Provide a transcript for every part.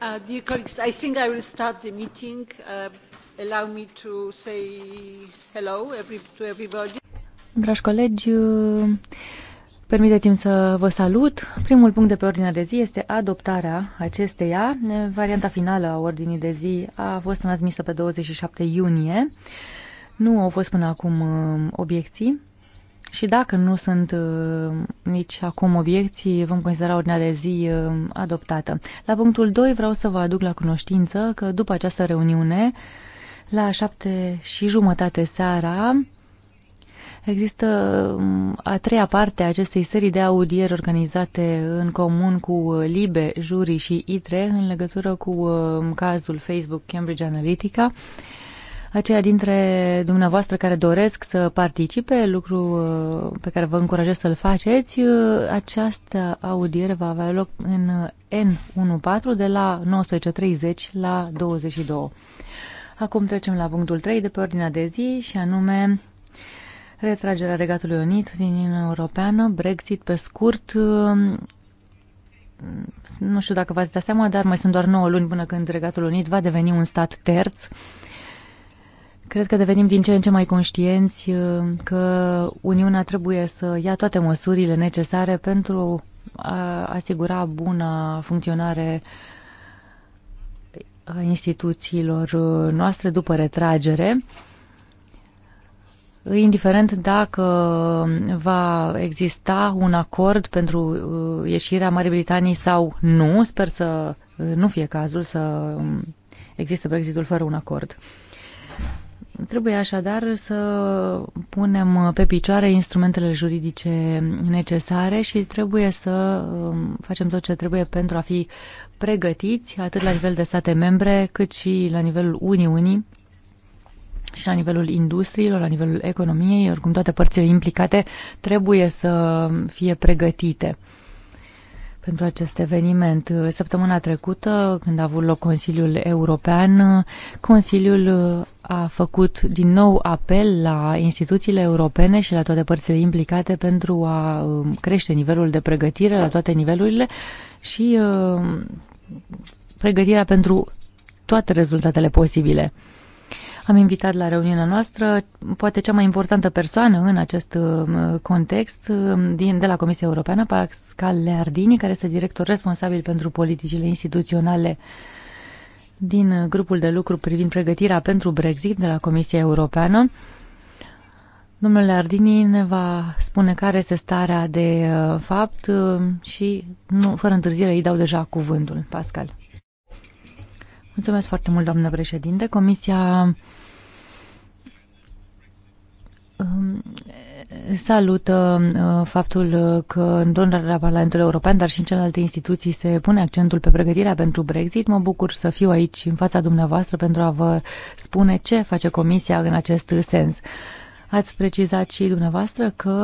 Uh, dear colleagues, I think I will start the meeting. Uh, allow me to say hello every, to everybody. Dragi colegi, uh, permiteți-mi să vă salut. Primul punct de pe ordinea de zi este adoptarea acesteia. Varianta finală a ordinii de zi a fost transmisă pe 27 iunie. Nu au fost până acum uh, obiecții. Și dacă nu sunt uh, nici acum obiecții, vom considera ordinea de zi uh, adoptată. La punctul 2 vreau să vă aduc la cunoștință că după această reuniune, la șapte și jumătate seara, există um, a treia parte a acestei serii de audieri organizate în comun cu uh, LIBE, Juri și ITRE în legătură cu uh, cazul Facebook Cambridge Analytica. Uh, aceia dintre dumneavoastră care doresc să participe, lucru uh, pe care vă încurajez să-l faceți, uh, această audiere va avea loc în uh, N14 de la 19.30 la 22. Acum trecem la punctul 3 de pe ordinea de zi și anume retragerea Regatului Unit din Uniunea Europeană, Brexit pe scurt, nu știu dacă v-ați dat seama, dar mai sunt doar 9 luni până când Regatul Unit va deveni un stat terț Cred că devenim din ce în ce mai conștienți uh, că Uniunea trebuie să ia toate măsurile necesare pentru a asigura buna funcționare a instituțiilor uh, noastre după retragere, indiferent dacă va exista un acord pentru uh, ieșirea Marii Britanii sau nu, sper să nu fie cazul să um, există Brexitul fără un acord. Trebuie așadar să punem pe picioare instrumentele juridice necesare și trebuie să um, facem tot ce trebuie pentru a fi pregătiți atât la nivel de state membre cât și la nivelul Uniunii și la nivelul industriilor, la nivelul economiei, oricum toate părțile implicate trebuie să fie pregătite pentru acest eveniment. Săptămâna trecută, când a avut loc Consiliul European, Consiliul a făcut din nou apel la instituțiile europene și la toate părțile implicate pentru a um, crește nivelul de pregătire la toate nivelurile și um, pregătirea pentru toate rezultatele posibile. Am invitat la reuniunea noastră poate cea mai importantă persoană în acest uh, context uh, din, de la Comisia Europeană, Pascal Leardini, care este director responsabil pentru politicile instituționale din uh, grupul de lucru privind pregătirea pentru Brexit de la Comisia Europeană. Domnule Ardini ne va spune care este starea de fapt și, nu, fără întârziere, îi dau deja cuvântul. Pascal. Mulțumesc foarte mult, doamnă președinte. Comisia um, salută uh, faptul că în donarea Parlamentului European, dar și în celelalte instituții, se pune accentul pe pregătirea pentru Brexit. Mă bucur să fiu aici în fața dumneavoastră pentru a vă spune ce face Comisia în acest sens. Ați precizat și dumneavoastră că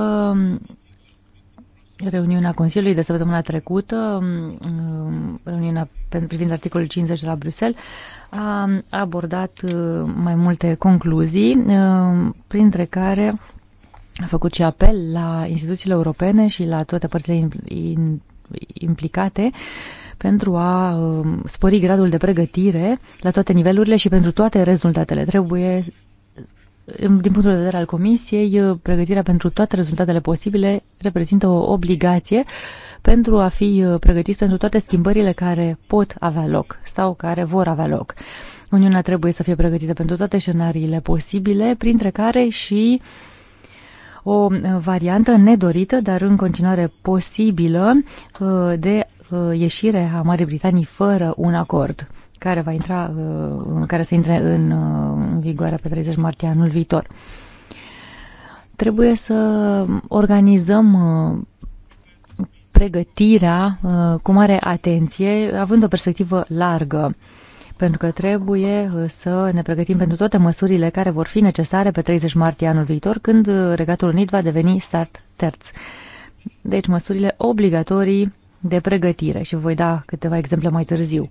reuniunea Consiliului de săptămâna trecută, mm, mm, reuniunea privind articolul 50 de la Bruxelles, a abordat mm, mai multe concluzii, printre care a făcut și apel la instituțiile europene și la toate părțile implicate pentru a spori gradul de pregătire la toate nivelurile și pentru toate rezultatele. Trebuie din punctul de vedere al Comisiei, uh, pregătirea pentru toate rezultatele posibile reprezintă o obligație pentru a fi uh, pregătiți pentru toate schimbările care pot avea loc sau care vor avea loc. Uniunea trebuie să fie pregătită pentru toate scenariile posibile, printre care și o uh, variantă nedorită, dar în continuare posibilă, de ieșire a Marii Britanii fără un acord care va intra, uh, care să intre în uh, vigoare pe 30 martie anul viitor. Trebuie să organizăm uh, pregătirea cu mare atenție, având o perspectivă largă pentru că trebuie să ne pregătim pentru toate măsurile care vor fi necesare pe 30 martie anul viitor, când Regatul Unit va deveni start terț. Deci măsurile obligatorii de pregătire și voi da câteva exemple mai târziu.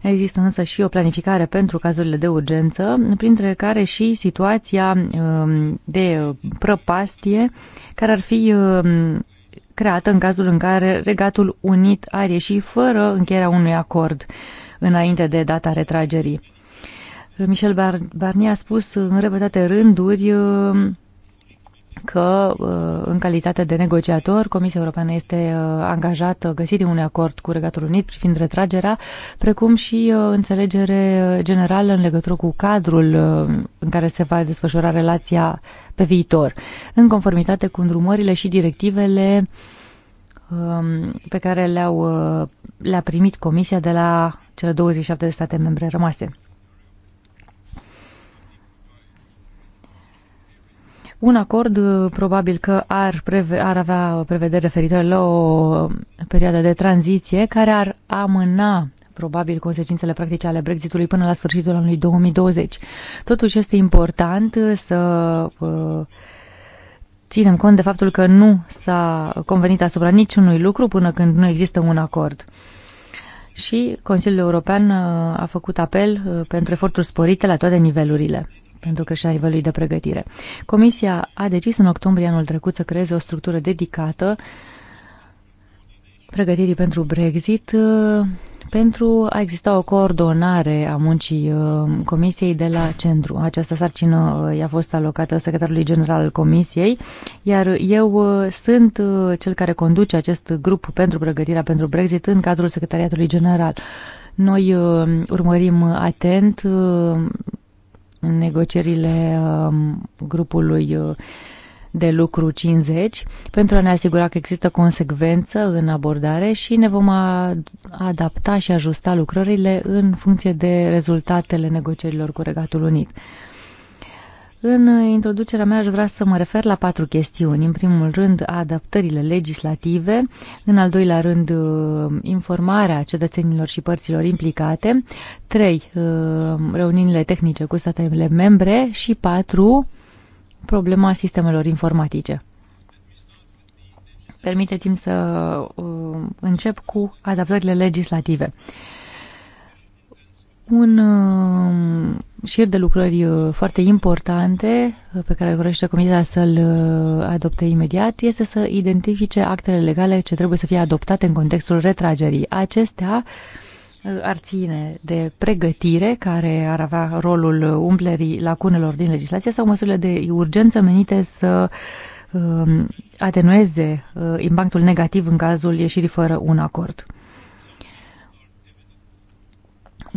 Există însă și o planificare pentru cazurile de urgență, printre care și situația um, de prăpastie care ar fi um, creată în cazul în care Regatul Unit a ieși fără încheierea unui acord înainte de data retragerii. Michel Barnier a spus în repetate rânduri um, că, uh, în calitate de negociator, Comisia Europeană este uh, angajată găsirii unui acord cu Regatul Unit privind retragerea, precum și uh, înțelegere generală în legătură cu cadrul în care se va desfășura relația pe viitor, în conformitate cu îndrumările și directivele um, pe care le-au, le primit Comisia de la cele 27 de state membre rămase. Un acord uh, probabil că ar, preve, ar avea prevedere referitoare la o um, perioadă de tranziție care ar amâna probabil consecințele practice ale Brexitului până la sfârșitul anului 2020. Totuși este important uh, să uh, ținem cont de faptul că nu s-a convenit asupra niciunui lucru până când nu există un acord. Și Consiliul European a făcut apel pentru eforturi sporite la toate nivelurile pentru și-a nivelului de pregătire. Comisia a decis în octombrie anul trecut să creeze o structură dedicată pregătirii pentru Brexit uh, pentru a exista o coordonare a muncii uh, Comisiei de la centru. Această sarcină uh, i-a fost alocată secretarului general al Comisiei, iar eu sunt cel care conduce acest grup pentru pregătirea pentru Brexit în cadrul secretariatului general. Noi urmărim atent în negocierile um, grupului uh, de lucru 50 pentru a ne asigura că există consecvență în abordare și ne vom adapta și ajusta lucrările în funcție de rezultatele negocierilor cu Regatul Unit. În introducerea mea aș vrea să mă refer la patru chestiuni. În primul rând, adaptările legislative, în al doilea rând, uh, informarea cetățenilor și părților implicate, trei, uh, reuniunile tehnice cu statele membre și patru, problema sistemelor informatice. Permiteți-mi să uh, încep cu adaptările legislative un um, șir de lucrări uh, foarte importante uh, pe care vorbește Comisia să-l uh, adopte imediat este să identifice actele legale ce trebuie să fie adoptate în contextul retragerii. Acestea ar ține de pregătire, care ar avea rolul umplerii lacunelor din legislație sau măsurile de urgență menite să um, atenueze impactul negativ în cazul ieșirii fără un acord.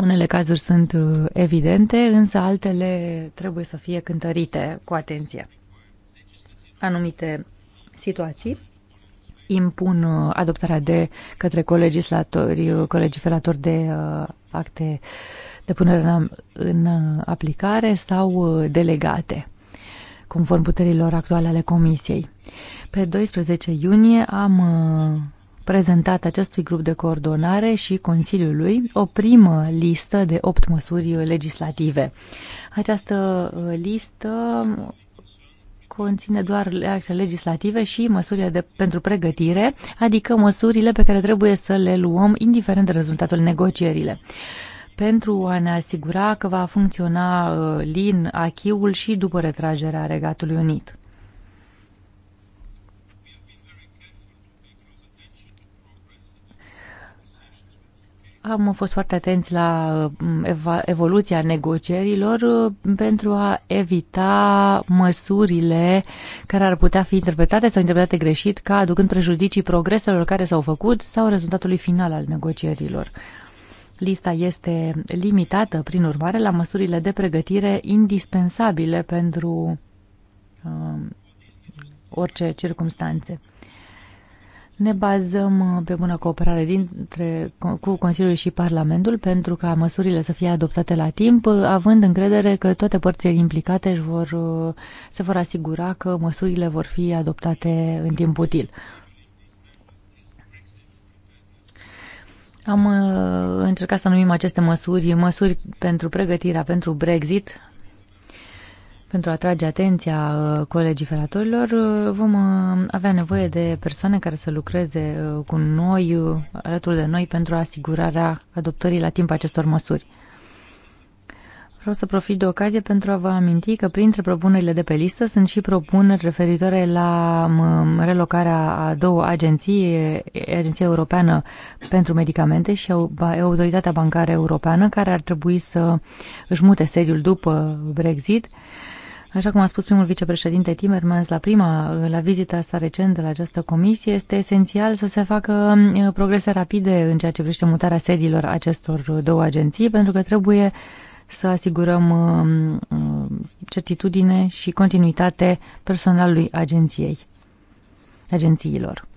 Unele cazuri sunt uh, evidente, însă altele trebuie să fie cântărite cu atenție. Anumite situații impun uh, adoptarea de către colegislatori, uh, colegiferatori de acte de punere în aplicare sau delegate, conform puterilor actuale ale Comisiei. Pe 12 iunie am prezentat acestui grup de coordonare și Consiliului o primă listă de opt măsuri legislative. Această uh, listă conține doar acte legislative și măsurile de, pentru pregătire, adică măsurile pe care trebuie să le luăm indiferent de rezultatul negocierile pentru a ne asigura că va funcționa uh, lin achiul și după retragerea Regatului Unit. Am fost foarte atenți la mm, evoluția negocierilor mm, pentru a evita măsurile care ar putea fi interpretate sau interpretate greșit ca aducând prejudicii progreselor care s-au făcut sau rezultatului final al negocierilor. Lista este limitată, prin urmare, la măsurile de pregătire indispensabile pentru uh, orice circunstanțe. Ne bazăm uh, pe bună cooperare dintre, cu Consiliul și Parlamentul pentru ca măsurile să fie adoptate la timp, uh, având încredere că toate părțile implicate își vor, uh, se vor asigura că măsurile vor fi adoptate în timp util. Am încercat să numim aceste măsuri măsuri pentru pregătirea pentru Brexit, pentru a atrage atenția uh, colegiferatorilor, uh, vom uh, avea nevoie de persoane care să lucreze cu noi, alături de noi, pentru asigurarea adoptării la timp acestor măsuri. Vreau să profit de ocazie pentru a vă aminti că printre propunerile de pe listă sunt și propuneri referitoare la um, relocarea a două agenții, Agenția Europeană pentru Medicamente și Autoritatea Bancară Europeană, care ar trebui să își mute sediul după Brexit. Așa cum a spus primul vicepreședinte Timmermans la prima, la vizita asta recentă la această comisie, este esențial să se facă uh, progrese rapide în ceea ce privește mutarea sediilor acestor uh, două agenții, pentru că trebuie să asigurăm uh, certitudine și continuitate personalului agenției, agențiilor.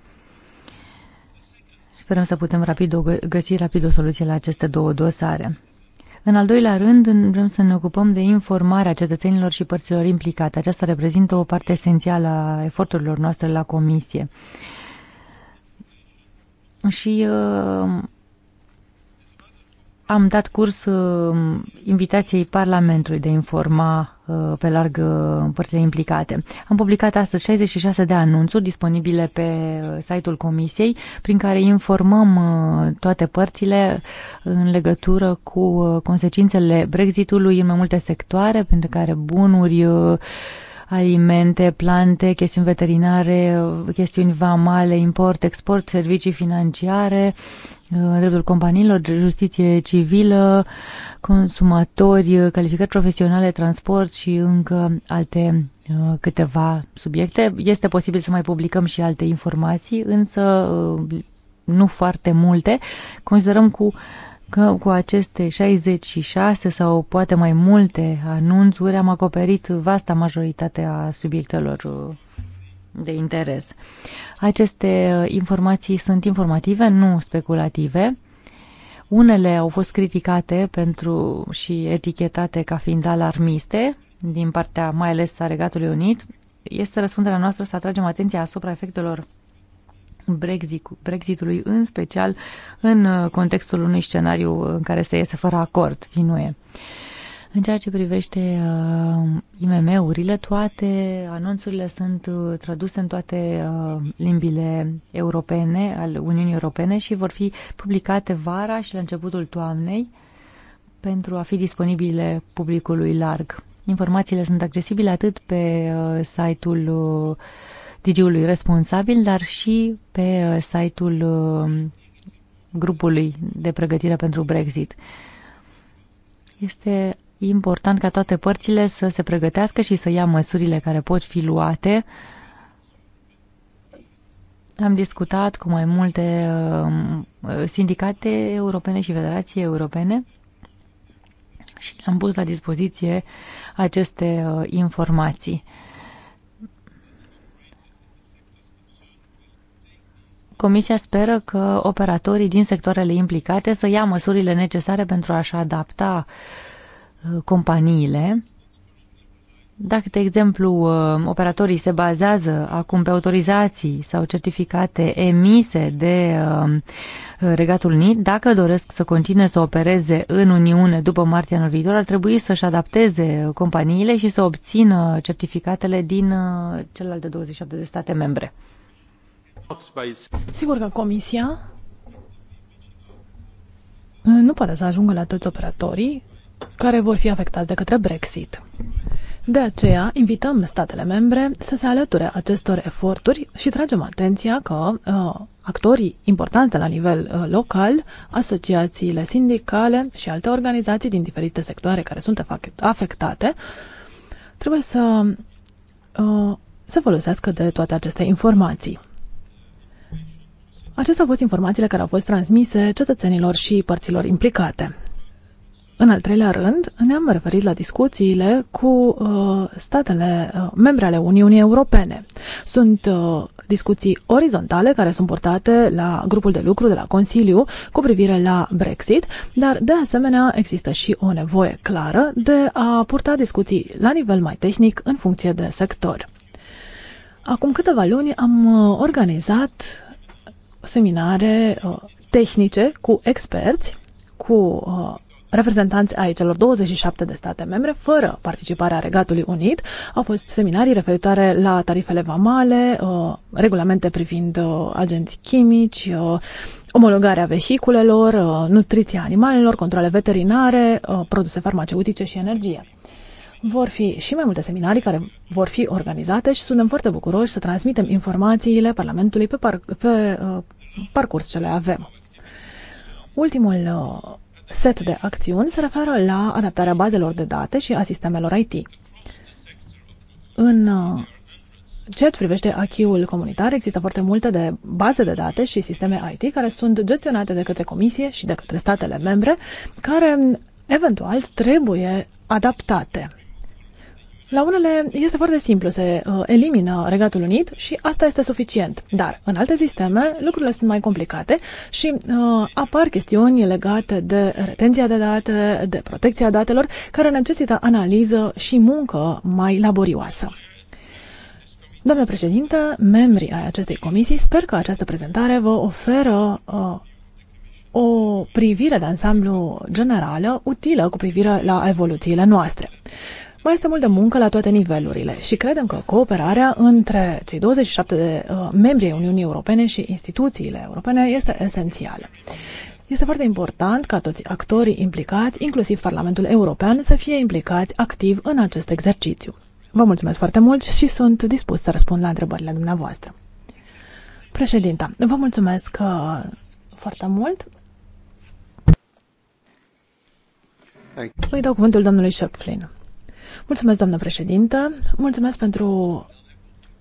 Sperăm să putem rapid găsi rapid o soluție la aceste două dosare. În al doilea rând, vrem să ne ocupăm de informarea cetățenilor și părților implicate. Aceasta reprezintă o parte esențială a eforturilor noastre la comisie. Și uh, am dat curs uh, invitației Parlamentului de a informa Uh, pe larg uh, părțile implicate. Am publicat astăzi 66 de anunțuri disponibile pe uh, site-ul Comisiei, prin care informăm toate părțile în legătură cu consecințele Brexitului în mai multe sectoare, pentru care bunuri, alimente, plante, chestiuni veterinare, chestiuni vamale, import, export, servicii financiare, uh, dreptul companiilor, justiție civilă, consumatori, calificări profesionale, transport și încă alte uh, câteva subiecte. Este posibil să mai publicăm și alte informații, însă uh, nu foarte multe. Considerăm cu că cu aceste 66 sau poate mai multe anunțuri am acoperit vasta majoritatea subiectelor de interes. Aceste uh, informații sunt informative, nu speculative. Unele au fost criticate pentru și etichetate ca fiind alarmiste, din partea mai ales a Regatului Unit. Este răspunderea noastră să atragem atenția asupra efectelor Brexitului, în special în uh, contextul unui scenariu în care se iese fără acord din UE. În ceea ce privește uh, IMM-urile, toate anunțurile sunt uh, traduse în toate uh, limbile europene, al Uniunii Europene și vor fi publicate vara și la începutul toamnei pentru a fi disponibile publicului larg. Informațiile sunt accesibile atât pe uh, site-ul uh, DG-ului responsabil, dar și pe uh, site-ul uh, grupului de pregătire pentru Brexit. Este important ca toate părțile să se pregătească și să ia măsurile care pot fi luate. Am discutat cu mai multe uh, sindicate europene și federații europene și am pus la dispoziție aceste informații. Comisia speră că operatorii din sectoarele implicate să ia măsurile necesare pentru a-și adapta uh, companiile. Dacă, de exemplu, uh, operatorii se bazează acum pe autorizații sau certificate emise de uh, Regatul Unit, dacă doresc să continue să opereze în Uniune după martie anul viitor, ar trebui să-și adapteze companiile și să obțină certificatele din celelalte 27 de state membre. Sigur că Comisia uh, nu poate să ajungă la toți operatorii care vor fi afectați de către Brexit. De aceea, invităm statele membre să se alăture acestor eforturi și tragem atenția că uh, actorii importanți la nivel uh, local, asociațiile sindicale și alte organizații din diferite sectoare care sunt afectate, trebuie să uh, se folosească de toate aceste informații. Acestea au fost informațiile care au fost transmise cetățenilor și părților implicate. În al treilea rând, ne-am referit la discuțiile cu uh, statele uh, membre ale Uniunii Europene. Sunt uh, discuții orizontale care sunt portate la grupul de lucru de la Consiliu cu privire la Brexit, dar de asemenea există și o nevoie clară de a purta discuții la nivel mai tehnic în funcție de sector. Acum câteva luni am uh, organizat seminare uh, tehnice cu experți, cu uh, reprezentanți ai celor 27 de state membre, fără participarea Regatului Unit. Au fost seminarii referitoare la tarifele vamale, uh, regulamente privind agenți chimici, omologarea vehiculelor, nutriția animalelor, controle veterinare, produse farmaceutice și energie. Vor fi și mai multe seminarii care vor fi organizate și suntem foarte bucuroși să transmitem informațiile Parlamentului pe, par- pe uh, parcurs ce le avem. Ultimul uh, set de acțiuni se referă la adaptarea bazelor de date și a sistemelor IT. În ceea uh, ce privește achiul comunitar, există foarte multe de baze de date și sisteme IT care sunt gestionate de către Comisie și de către statele membre, care eventual trebuie adaptate. La unele este foarte simplu, se uh, elimină Regatul Unit și asta este suficient. Dar în alte sisteme lucrurile sunt mai complicate și uh, apar chestiuni legate de retenția de date, de protecția datelor, care necesită analiză și muncă mai laborioasă. Doamne președintă, membrii ai acestei comisii, sper că această prezentare vă oferă uh, o privire de ansamblu generală utilă cu privire la evoluțiile noastre. Mai este multă muncă la toate nivelurile și credem că cooperarea între cei 27 de uh, membri ai Uniunii Europene și instituțiile europene este esențială. Este foarte important ca toți actorii implicați, inclusiv Parlamentul European, să fie implicați activ în acest exercițiu. Vă mulțumesc foarte mult și sunt dispus să răspund la întrebările dumneavoastră. Președinta, vă mulțumesc uh, foarte mult. Îi dau cuvântul domnului Șepflin. Mulțumesc, doamnă președintă, mulțumesc pentru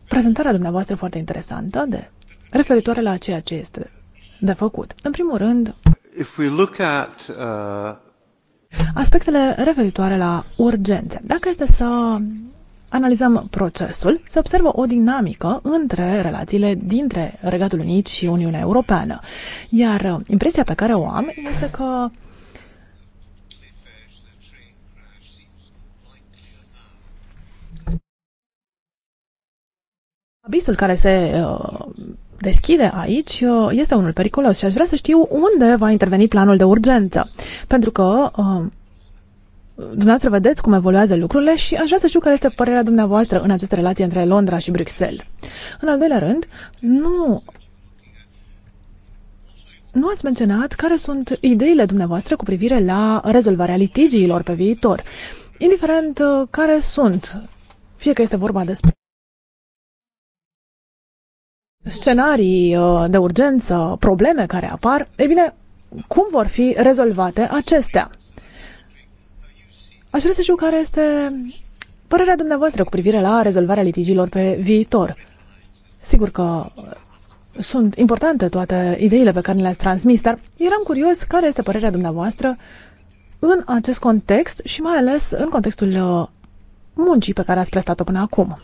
prezentarea dumneavoastră foarte interesantă de referitoare la ceea ce este de făcut. În primul rând, If we look at, uh... aspectele referitoare la urgențe. Dacă este să analizăm procesul, se observă o dinamică între relațiile dintre Regatul Unit și Uniunea Europeană. Iar impresia pe care o am este că Abisul care se uh, deschide aici uh, este unul periculos și aș vrea să știu unde va interveni planul de urgență. Pentru că uh, dumneavoastră vedeți cum evoluează lucrurile și aș vrea să știu care este părerea dumneavoastră în această relație între Londra și Bruxelles. În al doilea rând, nu nu ați menționat care sunt ideile dumneavoastră cu privire la rezolvarea litigiilor pe viitor, indiferent care sunt, fie că este vorba despre scenarii uh, de urgență, probleme care apar, e bine, cum vor fi rezolvate acestea? Aș vrea să știu care este părerea dumneavoastră cu privire la rezolvarea litigiilor pe viitor. Sigur că sunt importante toate ideile pe care le-ați transmis, dar eram curios care este părerea dumneavoastră în acest context și mai ales în contextul uh, muncii pe care ați prestat-o până acum.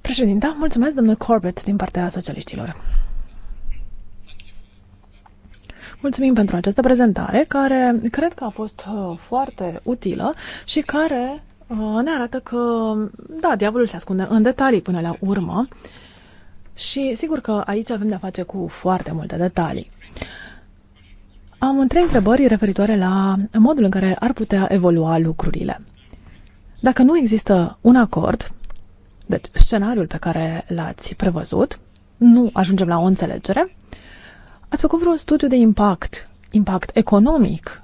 Președinte, mulțumesc, domnul Corbett, din partea socialiștilor. Mulțumim pentru această prezentare, care cred că a fost uh, foarte utilă și care uh, ne arată că, da, diavolul se ascunde în detalii până la urmă și sigur că aici avem de-a face cu foarte multe detalii. Am trei întrebări referitoare la modul în care ar putea evolua lucrurile. Dacă nu există un acord, deci, scenariul pe care l-ați prevăzut, nu ajungem la o înțelegere. Ați făcut vreun studiu de impact, impact economic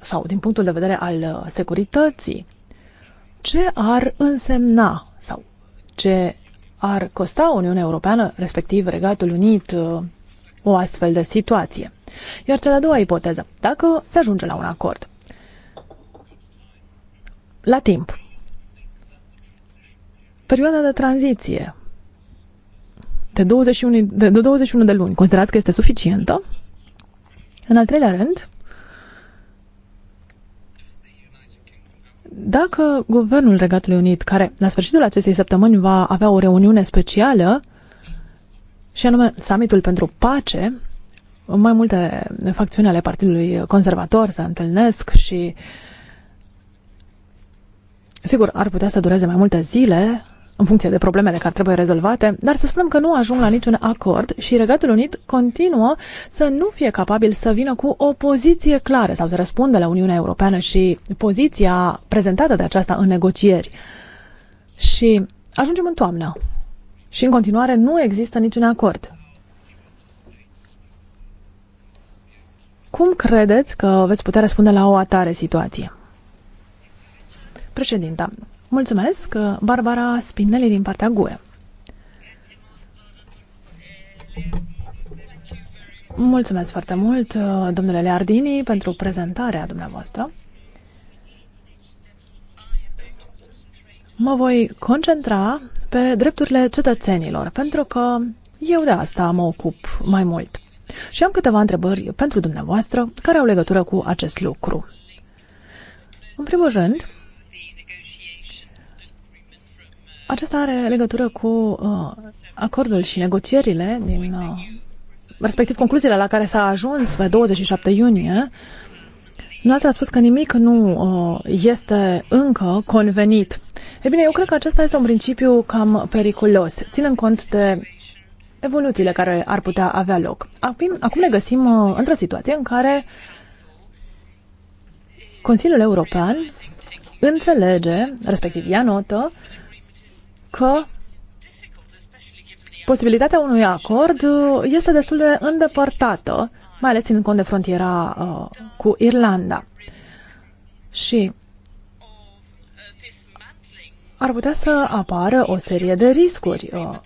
sau din punctul de vedere al uh, securității? Ce ar însemna sau ce ar costa Uniunea Europeană, respectiv Regatul Unit, uh, o astfel de situație? Iar cea de-a doua ipoteză, dacă se ajunge la un acord. La timp, Perioada de tranziție de 21 de, de, 21 de luni, considerați că este suficientă? În al treilea rând, dacă guvernul Regatului Unit, care la sfârșitul acestei săptămâni va avea o reuniune specială, și anume summitul pentru pace, mai multe facțiuni ale Partidului Conservator se întâlnesc și, sigur, ar putea să dureze mai multe zile, în funcție de problemele care trebuie rezolvate, dar să spunem că nu ajung la niciun acord și Regatul Unit continuă să nu fie capabil să vină cu o poziție clară sau să răspundă la Uniunea Europeană și poziția prezentată de aceasta în negocieri. Și ajungem în toamnă și în continuare nu există niciun acord. Cum credeți că veți putea răspunde la o atare situație? Președinta, Mulțumesc, Barbara Spinelli din partea GUE. Mulțumesc foarte mult, domnule Leardini, pentru prezentarea dumneavoastră. Mă voi concentra pe drepturile cetățenilor, pentru că eu de asta mă ocup mai mult. Și am câteva întrebări pentru dumneavoastră care au legătură cu acest lucru. În primul rând, Aceasta are legătură cu uh, acordul și negocierile din uh, respectiv concluziile la care s-a ajuns pe 27 iunie. Dumneavoastră a spus că nimic nu uh, este încă convenit. E bine, eu cred că acesta este un principiu cam periculos, ținând cont de evoluțiile care ar putea avea loc. Acum, acum ne găsim uh, într-o situație în care Consiliul European înțelege, respectiv ia notă, uh, că posibilitatea unui acord uh, este destul de îndepărtată, mai ales în cont de frontiera uh, cu Irlanda. Și ar putea să apară o serie de riscuri. Uh,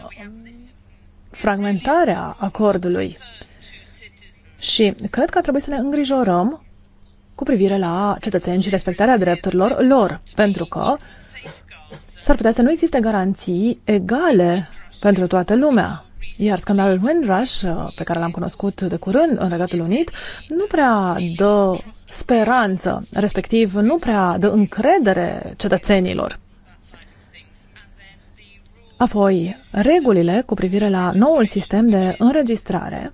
fragmentarea acordului. Și cred că ar trebui să ne îngrijorăm cu privire la cetățeni și respectarea drepturilor lor, pentru că s-ar putea să nu existe garanții egale pentru toată lumea. Iar scandalul Windrush, uh, pe care l-am cunoscut de curând în Regatul Unit, nu prea dă speranță, respectiv nu prea dă încredere cetățenilor. Apoi, regulile cu privire la noul sistem de înregistrare,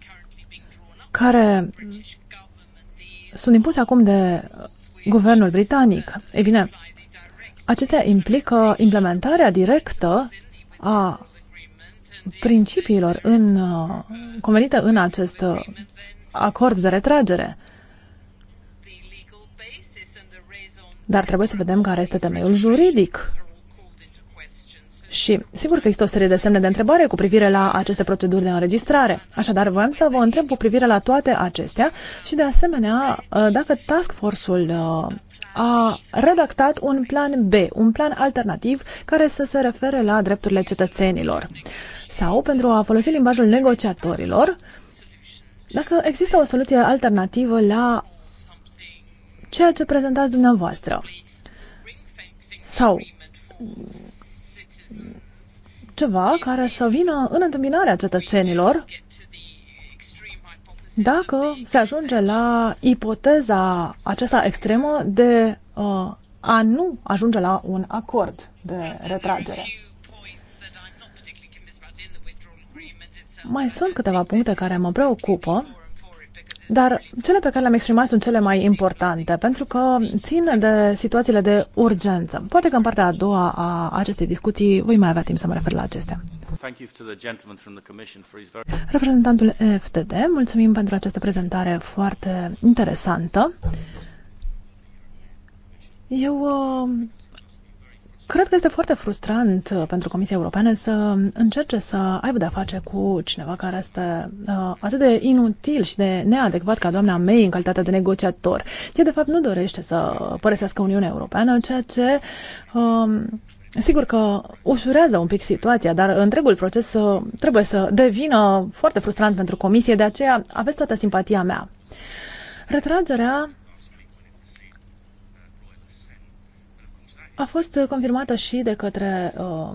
care sunt impuse acum de guvernul britanic. Ei bine, Acestea implică implementarea directă a principiilor în, uh, convenite în acest uh, acord de retragere. Dar trebuie să vedem care este temeiul juridic. Și sigur că există o serie de semne de întrebare cu privire la aceste proceduri de înregistrare. Așadar, voiam să vă întreb cu privire la toate acestea și, de asemenea, uh, dacă task force-ul a redactat un plan B, un plan alternativ care să se refere la drepturile cetățenilor. Sau, pentru a folosi limbajul negociatorilor, dacă există o soluție alternativă la ceea ce prezentați dumneavoastră. Sau ceva care să vină în întâmpinarea cetățenilor dacă se ajunge la ipoteza aceasta extremă de uh, a nu ajunge la un acord de retragere. Mai sunt câteva puncte care mă preocupă, dar cele pe care le-am exprimat sunt cele mai importante, pentru că țin de situațiile de urgență. Poate că în partea a doua a acestei discuții voi mai avea timp să mă refer la acestea. Reprezentantul FTD, mulțumim pentru această prezentare foarte interesantă. Eu uh, Cred că este foarte frustrant uh, pentru Comisia Europeană să încerce să aibă de-a face cu cineva care este uh, atât de inutil și de neadecvat ca doamna May în calitate de negociator. Ea, de fapt, nu dorește să părăsească Uniunea Europeană, ceea ce um, Sigur că ușurează un pic situația, dar întregul proces uh, trebuie să devină foarte frustrant pentru comisie, de aceea aveți toată simpatia mea. Retragerea a fost confirmată și de către uh,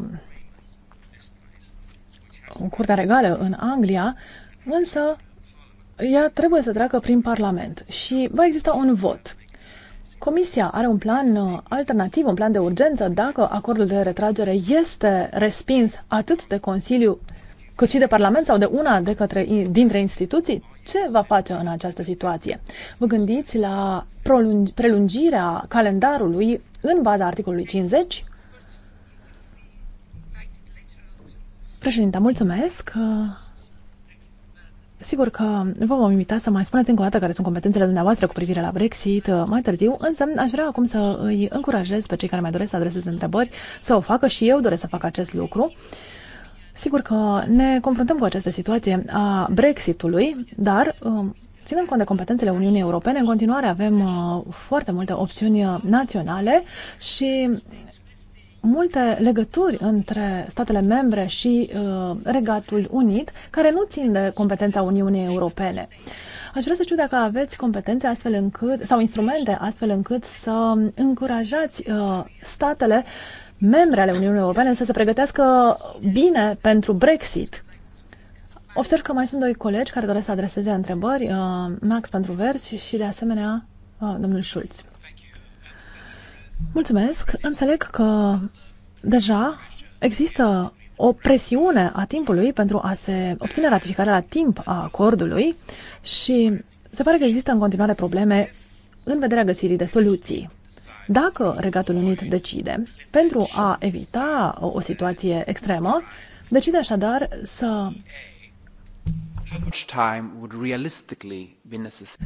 Curtea Regală în Anglia, însă ea trebuie să treacă prin Parlament și va exista un vot. Comisia are un plan uh, alternativ, un plan de urgență, dacă acordul de retragere este respins atât de Consiliu cât și de Parlament sau de una de către, dintre instituții, ce va face în această situație? Vă gândiți la prelungirea calendarului în baza articolului 50? Președinte, mulțumesc. Uh, Sigur că vă vom invita să mai spuneți încă o dată care sunt competențele dumneavoastră cu privire la Brexit uh, mai târziu, însă aș vrea acum să îi încurajez pe cei care mai doresc să adreseze întrebări să o facă și eu doresc să fac acest lucru. Sigur că ne confruntăm cu această situație a Brexitului, dar um, Ținând cont de competențele Uniunii Europene, în continuare avem uh, foarte multe opțiuni uh, naționale și multe legături între statele membre și uh, Regatul Unit care nu țin de competența Uniunii Europene. Aș vrea să știu dacă aveți competențe astfel încât, sau instrumente astfel încât să încurajați uh, statele membre ale Uniunii Europene să se pregătească bine pentru Brexit. Observ că mai sunt doi colegi care doresc să adreseze întrebări, uh, Max pentru Versi și de asemenea uh, domnul Schulz. Mulțumesc. Înțeleg că deja există o presiune a timpului pentru a se obține ratificarea la timp a acordului și se pare că există în continuare probleme în vederea găsirii de soluții. Dacă Regatul Unit decide, pentru a evita o, o situație extremă, decide așadar să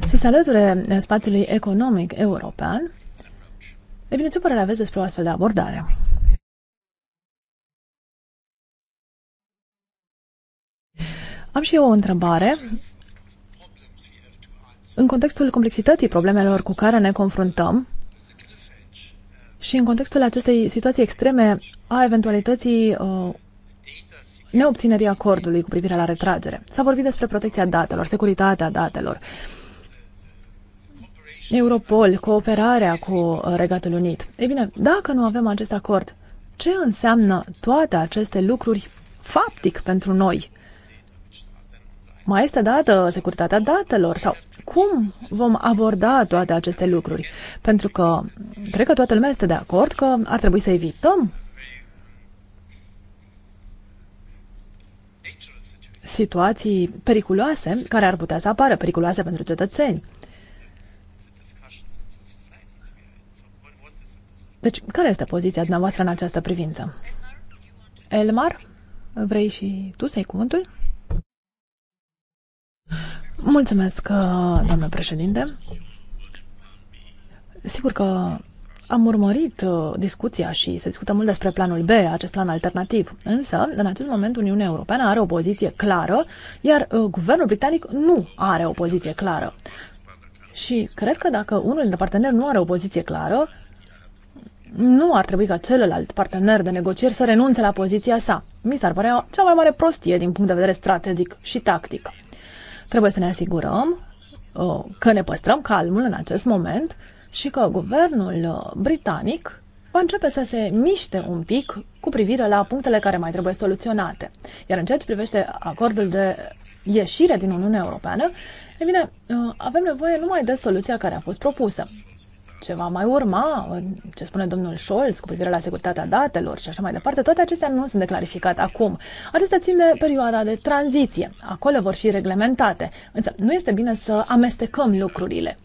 să se alăture spațiului economic european E bine, ce părere aveți despre o astfel de abordare? Am și eu o întrebare. În contextul complexității problemelor cu care ne confruntăm și în contextul acestei situații extreme a eventualității uh, neobținerii acordului cu privire la retragere, s-a vorbit despre protecția datelor, securitatea datelor. Europol, cooperarea cu uh, Regatul Unit. Ei bine, dacă nu avem acest acord, ce înseamnă toate aceste lucruri faptic pentru noi? Mai este dată securitatea datelor sau cum vom aborda toate aceste lucruri? Pentru că cred că toată lumea este de acord că ar trebui să evităm situații periculoase care ar putea să apară, periculoase pentru cetățeni. Deci, care este poziția dumneavoastră în această privință? Elmar, vrei și tu să-i cuvântul? Mulțumesc, uh, doamnă președinte. Sigur că am urmărit uh, discuția și se discută mult despre planul B, acest plan alternativ. Însă, în acest moment, Uniunea Europeană are o poziție clară, iar uh, guvernul britanic nu are o poziție clară. Și cred că dacă unul dintre parteneri nu are o poziție clară, nu ar trebui ca celălalt partener de negocieri să renunțe la poziția sa. Mi s-ar părea cea mai mare prostie din punct de vedere strategic și tactic. Trebuie să ne asigurăm uh, că ne păstrăm calmul în acest moment și că guvernul uh, britanic va începe să se miște un pic cu privire la punctele care mai trebuie soluționate. Iar în ceea ce privește acordul de ieșire din Uniunea Europeană, e bine, uh, avem nevoie numai de soluția care a fost propusă ce va mai urma, ce spune domnul Scholz cu privire la securitatea datelor și așa mai departe, toate acestea nu sunt declarificate acum. Acestea țin de perioada de tranziție. Acolo vor fi reglementate. Însă nu este bine să amestecăm lucrurile.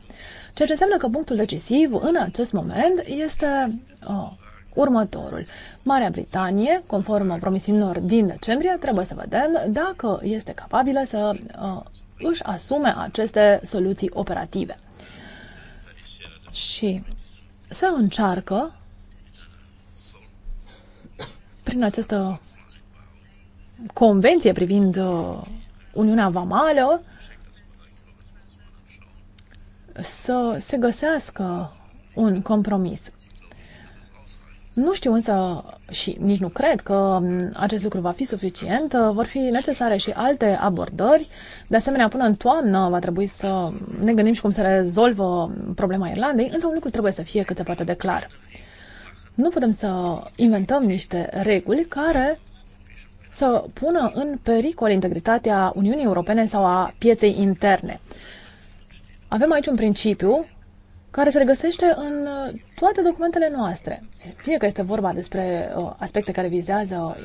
Ceea ce înseamnă că punctul decisiv în acest moment este oh, următorul. Marea Britanie, conform promisiunilor din decembrie, trebuie să vedem dacă este capabilă să oh, își asume aceste soluții operative. Și se încearcă prin această convenție privind uh, Uniunea Vamală să se găsească un compromis. Nu știu însă și nici nu cred că acest lucru va fi suficient. Uh, vor fi necesare și alte abordări. De asemenea, până în toamnă va trebui să ne gândim și cum se rezolvă problema Irlandei, însă un lucru trebuie să fie cât se poate de clar. Nu putem să inventăm niște reguli care să pună în pericol integritatea Uniunii Europene sau a pieței interne. Avem aici un principiu care se regăsește în uh, toate documentele noastre. Fie că este vorba despre uh, aspecte care vizează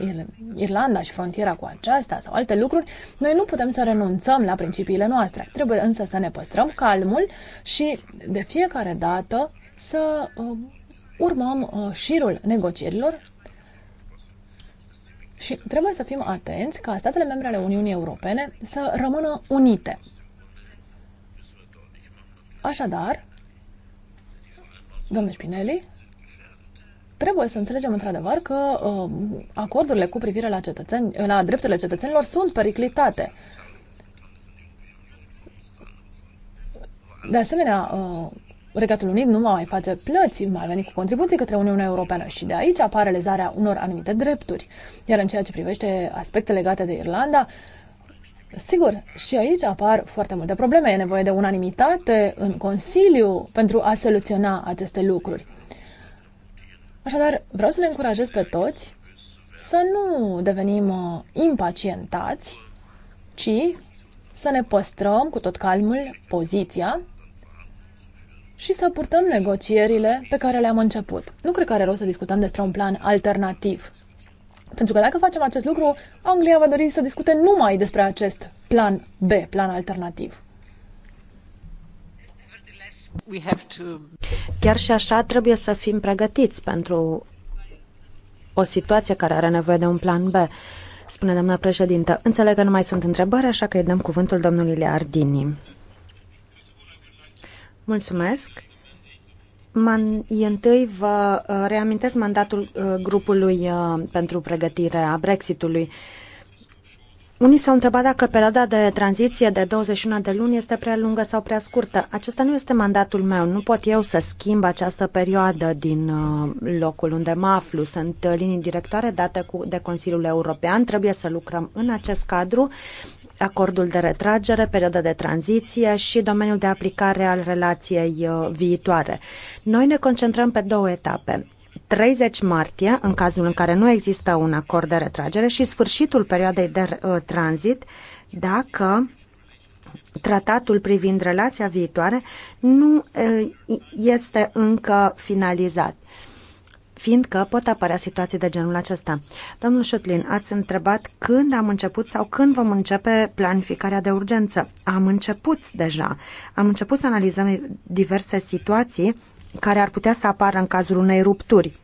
Irlanda și frontiera cu aceasta sau alte lucruri, noi nu putem să renunțăm la principiile noastre. Trebuie însă să ne păstrăm calmul și de fiecare dată să uh, urmăm șirul negocierilor și trebuie să fim atenți ca statele membre ale Uniunii Europene să rămână unite. Așadar, Domnul Spinelli, trebuie să înțelegem într-adevăr că uh, acordurile cu privire la, cetățeni, la drepturile cetățenilor sunt periclitate. De asemenea, uh, Regatul Unit nu mai face plăți, mai veni cu contribuții către Uniunea Europeană și de aici apare lezarea unor anumite drepturi. Iar în ceea ce privește aspecte legate de Irlanda, uh, Sigur, și aici apar foarte multe probleme. E nevoie de unanimitate în Consiliu pentru a soluționa aceste lucruri. Așadar, vreau să le încurajez pe toți să nu devenim uh, impacientați, ci să ne păstrăm cu tot calmul poziția și să purtăm negocierile pe care le-am început. Nu cred că are rost să discutăm despre un plan alternativ. Pentru că dacă facem acest lucru, Anglia va dori să discute numai despre acest plan B, plan alternativ. Chiar și așa trebuie să fim pregătiți pentru o situație care are nevoie de un plan B, spune doamna președintă. Înțeleg că nu mai sunt întrebări, așa că îi dăm cuvântul domnului Ardini. Mulțumesc. Man, întâi vă uh, reamintesc mandatul uh, grupului uh, pentru pregătirea Brexitului. Unii s-au întrebat dacă perioada de tranziție de 21 de luni este prea lungă sau prea scurtă. Acesta nu este mandatul meu. Nu pot eu să schimb această perioadă din locul unde mă aflu. Sunt linii directoare date cu, de Consiliul European. Trebuie să lucrăm în acest cadru acordul de retragere, perioada de tranziție și domeniul de aplicare al relației uh, viitoare. Noi ne concentrăm pe două etape. 30 martie, în cazul în care nu există un acord de retragere, și sfârșitul perioadei de uh, tranzit, dacă tratatul privind relația viitoare nu uh, este încă finalizat fiindcă pot apărea situații de genul acesta. Domnul Șutlin, ați întrebat când am început sau când vom începe planificarea de urgență. Am început deja. Am început să analizăm diverse situații care ar putea să apară în cazul unei rupturi.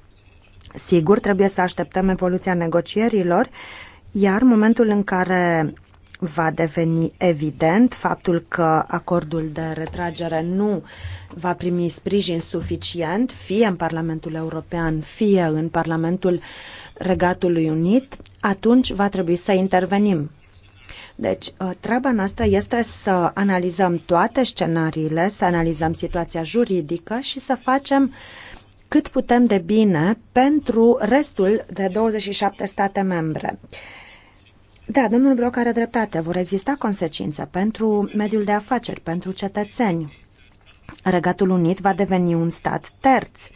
Sigur, trebuie să așteptăm evoluția negocierilor, iar momentul în care va deveni evident faptul că acordul de retragere nu va primi sprijin suficient, fie în Parlamentul European, fie în Parlamentul Regatului Unit, atunci va trebui să intervenim. Deci, uh, treaba noastră este să analizăm toate scenariile, să analizăm situația juridică și să facem cât putem de bine pentru restul de 27 state membre. Da, domnul Broc are dreptate. Vor exista consecințe pentru mediul de afaceri, pentru cetățeni. Regatul Unit va deveni un stat terț.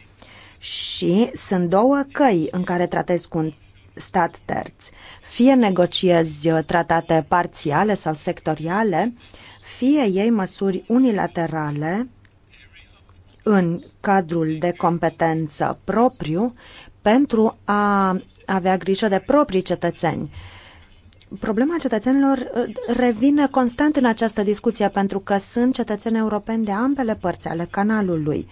Și sunt două căi în care tratezi cu un stat terț. Fie negociezi tratate parțiale sau sectoriale, fie iei măsuri unilaterale în cadrul de competență propriu pentru a avea grijă de proprii cetățeni problema cetățenilor uh, revine constant în această discuție pentru că sunt cetățeni europeni de ambele părți ale canalului.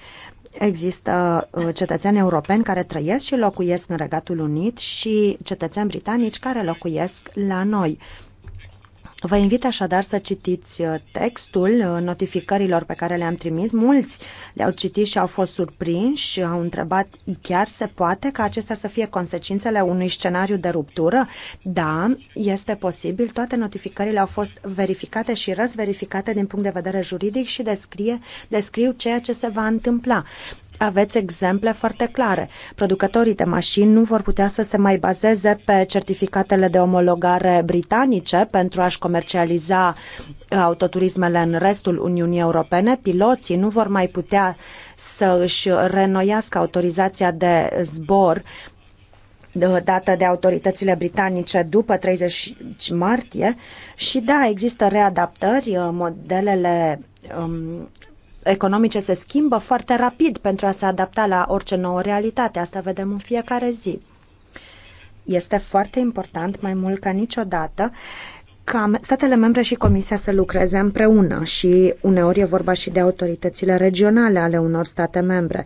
Există uh, cetățeni europeni care trăiesc și locuiesc în Regatul Unit și cetățeni britanici care locuiesc la noi. Vă invit așadar să citiți uh, textul uh, notificărilor pe care le-am trimis. Mulți le-au citit și au fost surprinși au întrebat chiar se poate ca acestea să fie consecințele unui scenariu de ruptură? Da, este posibil. Toate notificările au fost verificate și răzverificate din punct de vedere juridic și descrie, descriu ceea ce se va întâmpla aveți exemple foarte clare. Producătorii de mașini nu vor putea să se mai bazeze pe certificatele de omologare britanice pentru a-și comercializa uh, autoturismele în restul Uniunii Europene. Piloții nu vor mai putea să își renoiască autorizația de zbor dată de autoritățile britanice după 30 martie și da, există readaptări, uh, modelele um, economice se schimbă foarte rapid pentru a se adapta la orice nouă realitate. Asta vedem în fiecare zi. Este foarte important, mai mult ca niciodată, ca statele membre și Comisia să lucreze împreună și uneori e vorba și de autoritățile regionale ale unor state membre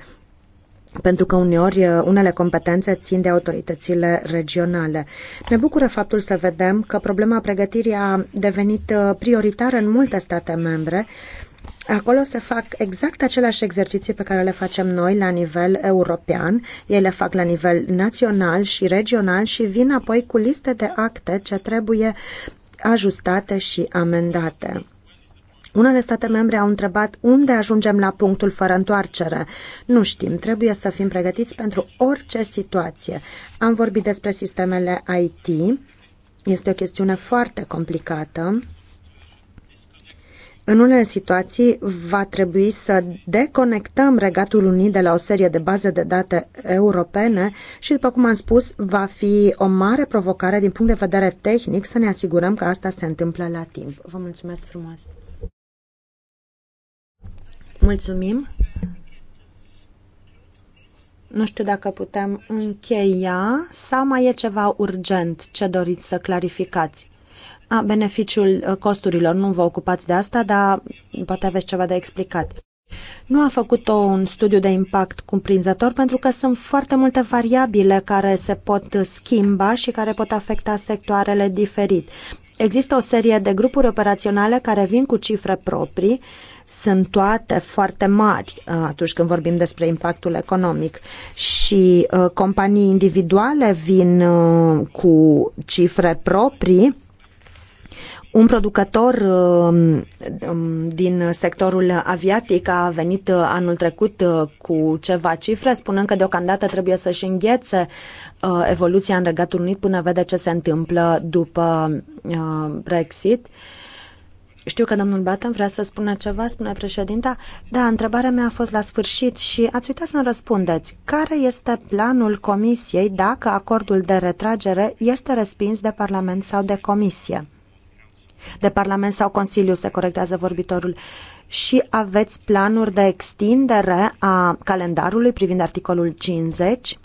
pentru că uneori unele competențe țin de autoritățile regionale. Ne bucură faptul să vedem că problema pregătirii a devenit prioritară în multe state membre, Acolo se fac exact aceleași exerciții pe care le facem noi la nivel european. Ei le fac la nivel național și regional și vin apoi cu liste de acte ce trebuie ajustate și amendate. Unele state membre au întrebat unde ajungem la punctul fără întoarcere. Nu știm, trebuie să fim pregătiți pentru orice situație. Am vorbit despre sistemele IT. Este o chestiune foarte complicată. În unele situații va trebui să deconectăm Regatul Unit de la o serie de baze de date europene și, după cum am spus, va fi o mare provocare din punct de vedere tehnic să ne asigurăm că asta se întâmplă la timp. Vă mulțumesc frumos! Mulțumim. Nu știu dacă putem încheia sau mai e ceva urgent ce doriți să clarificați. A, beneficiul uh, costurilor, nu vă ocupați de asta, dar poate aveți ceva de explicat. Nu a făcut -o un studiu de impact cuprinzător pentru că sunt foarte multe variabile care se pot schimba și care pot afecta sectoarele diferit. Există o serie de grupuri operaționale care vin cu cifre proprii sunt toate foarte mari uh, atunci când vorbim despre impactul economic și uh, companii individuale vin uh, cu cifre proprii un producător um, um, din sectorul aviatic a venit anul trecut cu ceva cifre, spunând că deocamdată trebuie să-și înghețe evoluția în Regatul Unit până vede ce se întâmplă după Brexit. Uh, știu că domnul Batten vrea să spună ceva, spune președinta. Da, întrebarea mea a fost la sfârșit și ați uitat să-mi răspundeți. Care este planul comisiei dacă acordul de retragere este respins de Parlament sau de comisie? De Parlament sau Consiliu, se corectează vorbitorul. Și aveți planuri de extindere a calendarului privind articolul 50?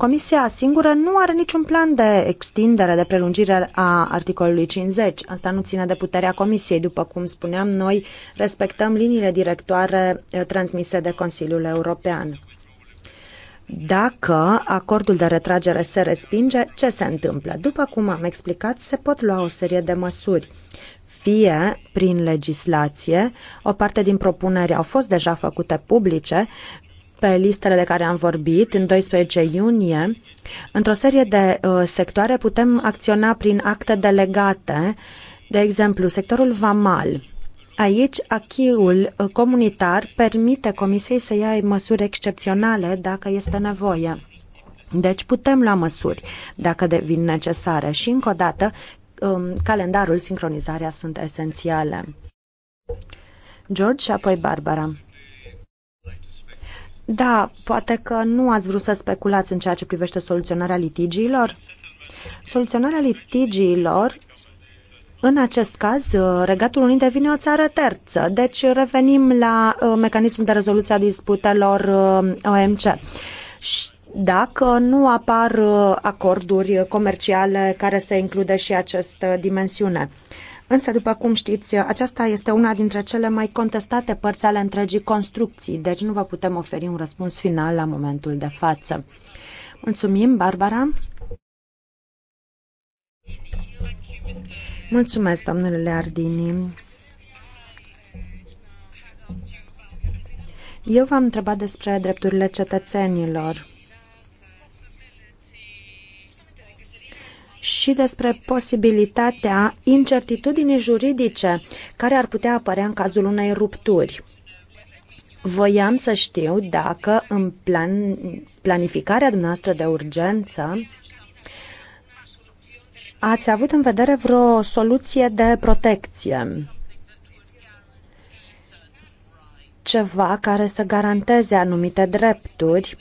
Comisia singură nu are niciun plan de extindere, de prelungire a articolului 50. Asta nu ține de puterea Comisiei. După cum spuneam, noi respectăm liniile directoare eh, transmise de Consiliul European. Dacă acordul de retragere se respinge, ce se întâmplă? După cum am explicat, se pot lua o serie de măsuri fie prin legislație, o parte din propuneri au fost deja făcute publice, pe listele de care am vorbit în 12 iunie, într-o serie de uh, sectoare putem acționa prin acte delegate, de exemplu, sectorul vamal. Aici, achiul uh, comunitar permite Comisiei să ia măsuri excepționale dacă este nevoie. Deci putem lua măsuri dacă devin necesare și, încă o dată, um, calendarul, sincronizarea sunt esențiale. George și apoi Barbara. Da, poate că nu ați vrut să speculați în ceea ce privește soluționarea litigiilor. Soluționarea litigiilor, în acest caz, uh, Regatul Unit devine o țară terță. Deci revenim la uh, mecanismul de rezoluție a disputelor uh, OMC. Și dacă nu apar acorduri comerciale care să include și această dimensiune. Însă, după cum știți, aceasta este una dintre cele mai contestate părți ale întregii construcții, deci nu vă putem oferi un răspuns final la momentul de față. Mulțumim, Barbara. Mulțumesc, domnule Leardini. Eu v-am întrebat despre drepturile cetățenilor. și despre posibilitatea incertitudinii juridice care ar putea apărea în cazul unei rupturi. Voiam să știu dacă în plan, planificarea dumneavoastră de urgență ați avut în vedere vreo soluție de protecție, ceva care să garanteze anumite drepturi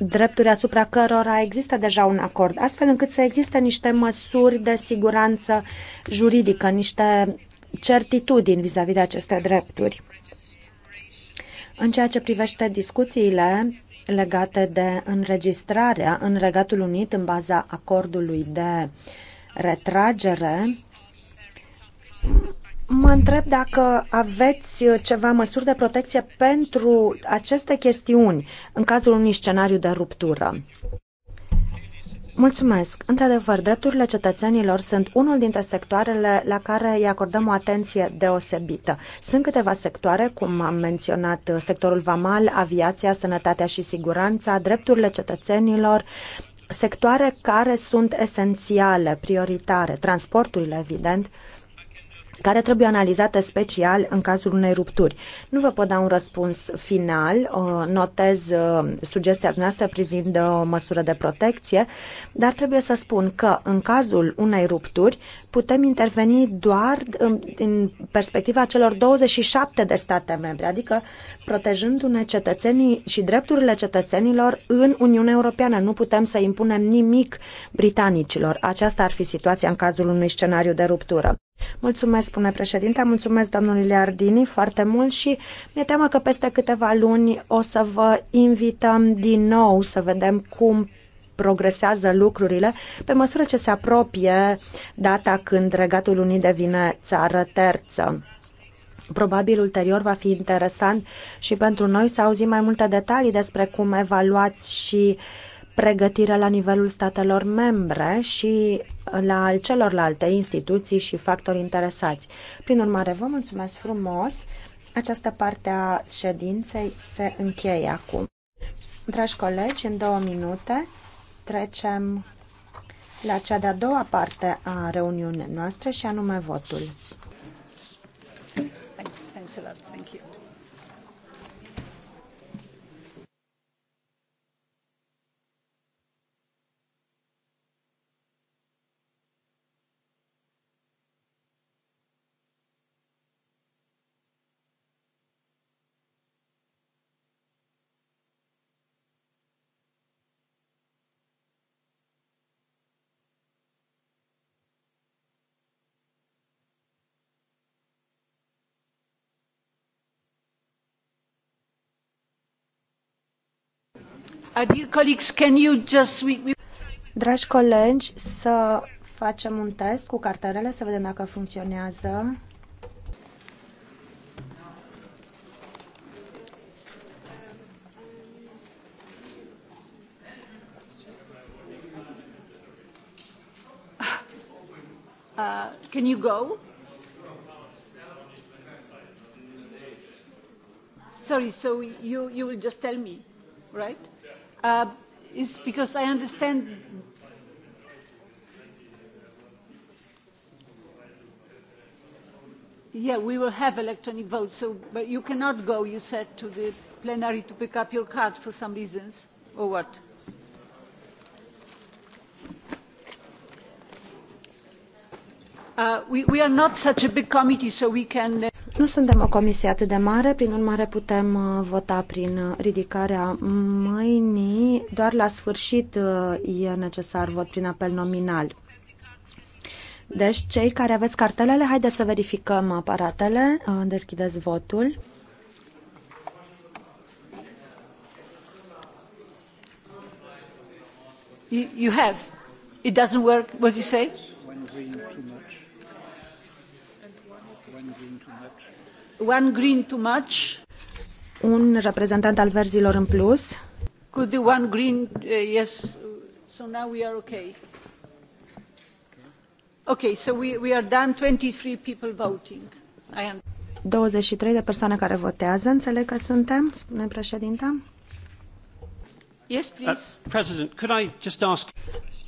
drepturi asupra cărora există deja un acord, astfel încât să existe niște măsuri de siguranță juridică, niște certitudini vis-a-vis -vis de aceste drepturi. În ceea ce privește discuțiile legate de înregistrarea în Regatul Unit în baza acordului de retragere, Mă întreb dacă aveți uh, ceva măsuri de protecție pentru aceste chestiuni în cazul unui scenariu de ruptură. Mulțumesc. Într-adevăr, drepturile cetățenilor sunt unul dintre sectoarele la care îi acordăm o atenție deosebită. Sunt câteva sectoare, cum am menționat, uh, sectorul vamal, aviația, sănătatea și siguranța, drepturile cetățenilor, sectoare care sunt esențiale, prioritare, transporturile, evident, care trebuie analizate special în cazul unei rupturi. Nu vă pot da un răspuns final, uh, notez uh, sugestia noastră privind o uh, măsură de protecție, dar trebuie să spun că în cazul unei rupturi putem interveni doar um, din perspectiva celor 27 de state membre, adică protejându-ne cetățenii și drepturile cetățenilor în Uniunea Europeană. Nu putem să impunem nimic britanicilor. Aceasta ar fi situația în cazul unui scenariu de ruptură. Mulțumesc, spune președinte, mulțumesc domnului Leardini foarte mult și mi-e teamă că peste câteva luni o să vă invităm din nou să vedem cum progresează lucrurile pe măsură ce se apropie data când Regatul Unit devine țară terță. Probabil ulterior va fi interesant și pentru noi să auzim mai multe detalii despre cum evaluați și uh, pregătire la nivelul statelor membre și la celorlalte instituții și factori interesați. Prin urmare, vă mulțumesc frumos. Această parte a ședinței se încheie acum. Dragi colegi, în două minute trecem la cea de-a doua parte a reuniunii noastre și anume votul. Thanks, thanks a lot. Thank you. Uh, Dragi colegi, să facem un test cu cartelele, să vedem dacă funcționează. Uh, can you go? Sorry, so you, you will just tell me, right? Uh, is because I understand Yeah, we will have electronic votes, so, but you cannot go, you said, to the plenary to pick up your card for some reasons, or what? Uh, we, we are not such a big committee, so we can... Uh, nu suntem o comisie atât de mare, prin urmare putem uh, vota prin uh, ridicarea mâinii. Doar la sfârșit uh, e necesar vot prin apel nominal. Deci, cei care aveți cartelele, haideți să verificăm aparatele. Deschideți votul. You, have. It doesn't work, what you say? green, too much. One green too much. Un reprezentant al verzilor în plus. Could the one green, uh, yes, so now we are okay. Okay, so we, we are done, 23 people voting. I am... 23 de persoane care votează, înțeleg că suntem, spune președinta. Yes, uh, please. Uh, President, could I just ask...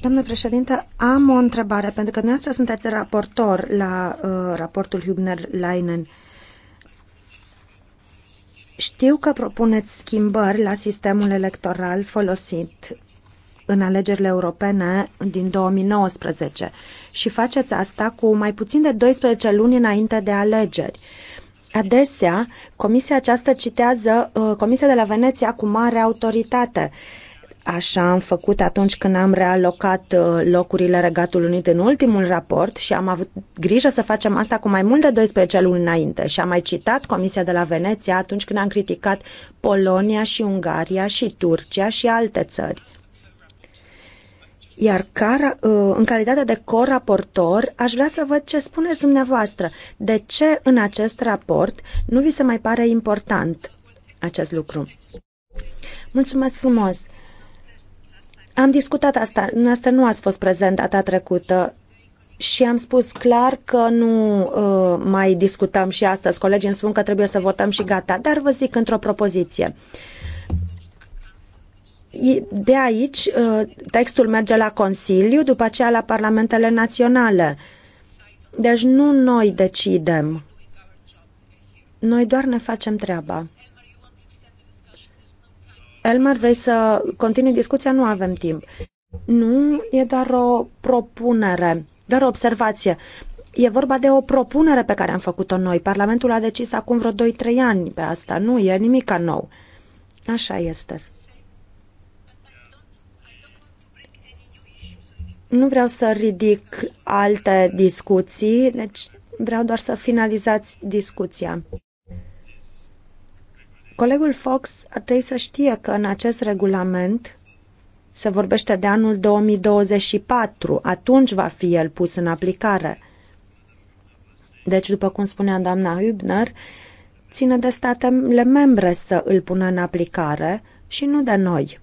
Domnule președinte, am o întrebare, pentru că dumneavoastră sunteți raportor la uh, raportul Hübner-Leinen. Uh, știu că propuneți schimbări la sistemul electoral folosit în alegerile europene din 2019 și faceți asta cu mai puțin de 12 luni înainte de alegeri. Adesea, comisia aceasta citează uh, Comisia de la Veneția cu mare autoritate. Uh, Așa am făcut atunci când am realocat uh, locurile Regatul Unit în ultimul raport și am avut grijă să facem asta cu mai mult de 12 luni înainte și am mai citat Comisia de la Veneția atunci când am criticat Polonia și Ungaria și Turcia și alte țări. Iar ca, uh, în calitate de coraportor, aș vrea să văd ce spuneți dumneavoastră. De ce în acest raport nu vi se mai pare important acest lucru? Mulțumesc frumos! Am discutat asta, asta nu ați fost prezent data trecută și am spus clar că nu uh, mai discutăm și astăzi. Colegii îmi spun că trebuie să votăm și gata, dar vă zic într-o propoziție. De aici, uh, textul merge la Consiliu, după aceea la Parlamentele Naționale. Deci nu noi decidem. Noi doar ne facem treaba. Elmar, vrei să continui discuția? Nu avem timp. Nu, e doar o propunere, doar o observație. E vorba de o propunere pe care am făcut-o noi. Parlamentul a decis acum vreo 2-3 ani pe asta. Nu e nimic ca nou. Așa este. Nu vreau să ridic alte discuții, deci vreau doar să finalizați discuția. Colegul Fox ar trebui să știe că în acest regulament se vorbește de anul 2024, atunci va fi el pus în aplicare. Deci, după cum spunea doamna Hübner, ține de statele membre să îl pună în aplicare și nu de noi.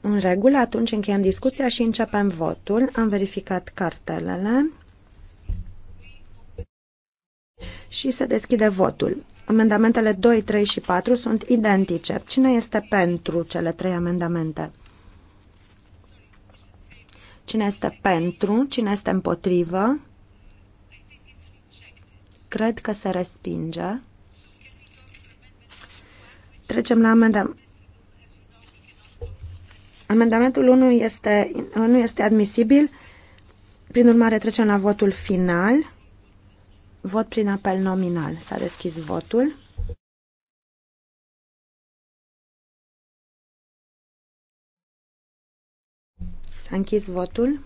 În regulă, atunci încheiem discuția și începem votul. Am verificat cartelele. și se deschide votul. Amendamentele 2, 3 și 4 sunt identice. Cine este pentru cele trei amendamente? Cine este pentru? Cine este împotrivă? Cred că se respinge. Trecem la amendament. Amendamentul 1 este, nu este admisibil, prin urmare trecem la votul final. Vot prin apel nominal. S-a deschis votul. S-a închis votul.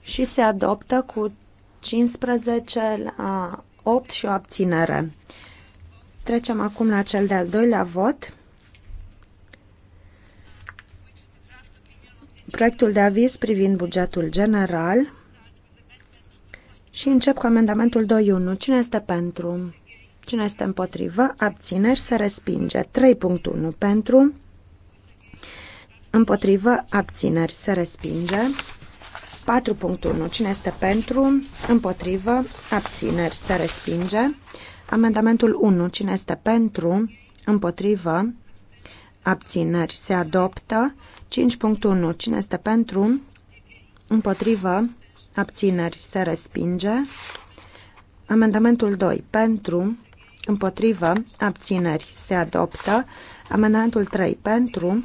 Și se adoptă cu 15 la 8 și o abținere. Trecem acum la cel de-al doilea vot. Proiectul de aviz privind bugetul general și încep cu amendamentul 2.1. Cine este pentru? Cine este împotrivă? Abțineri se respinge. 3.1 pentru. Împotrivă, abțineri se respinge. 4.1. Cine este pentru? Împotrivă, abțineri se respinge. Amendamentul 1. Cine este pentru? Împotrivă, abțineri se adoptă. 5.1. Cine este pentru? Împotrivă, abțineri se respinge. Amendamentul 2 pentru, împotrivă, abțineri se adoptă. Amendamentul 3 pentru,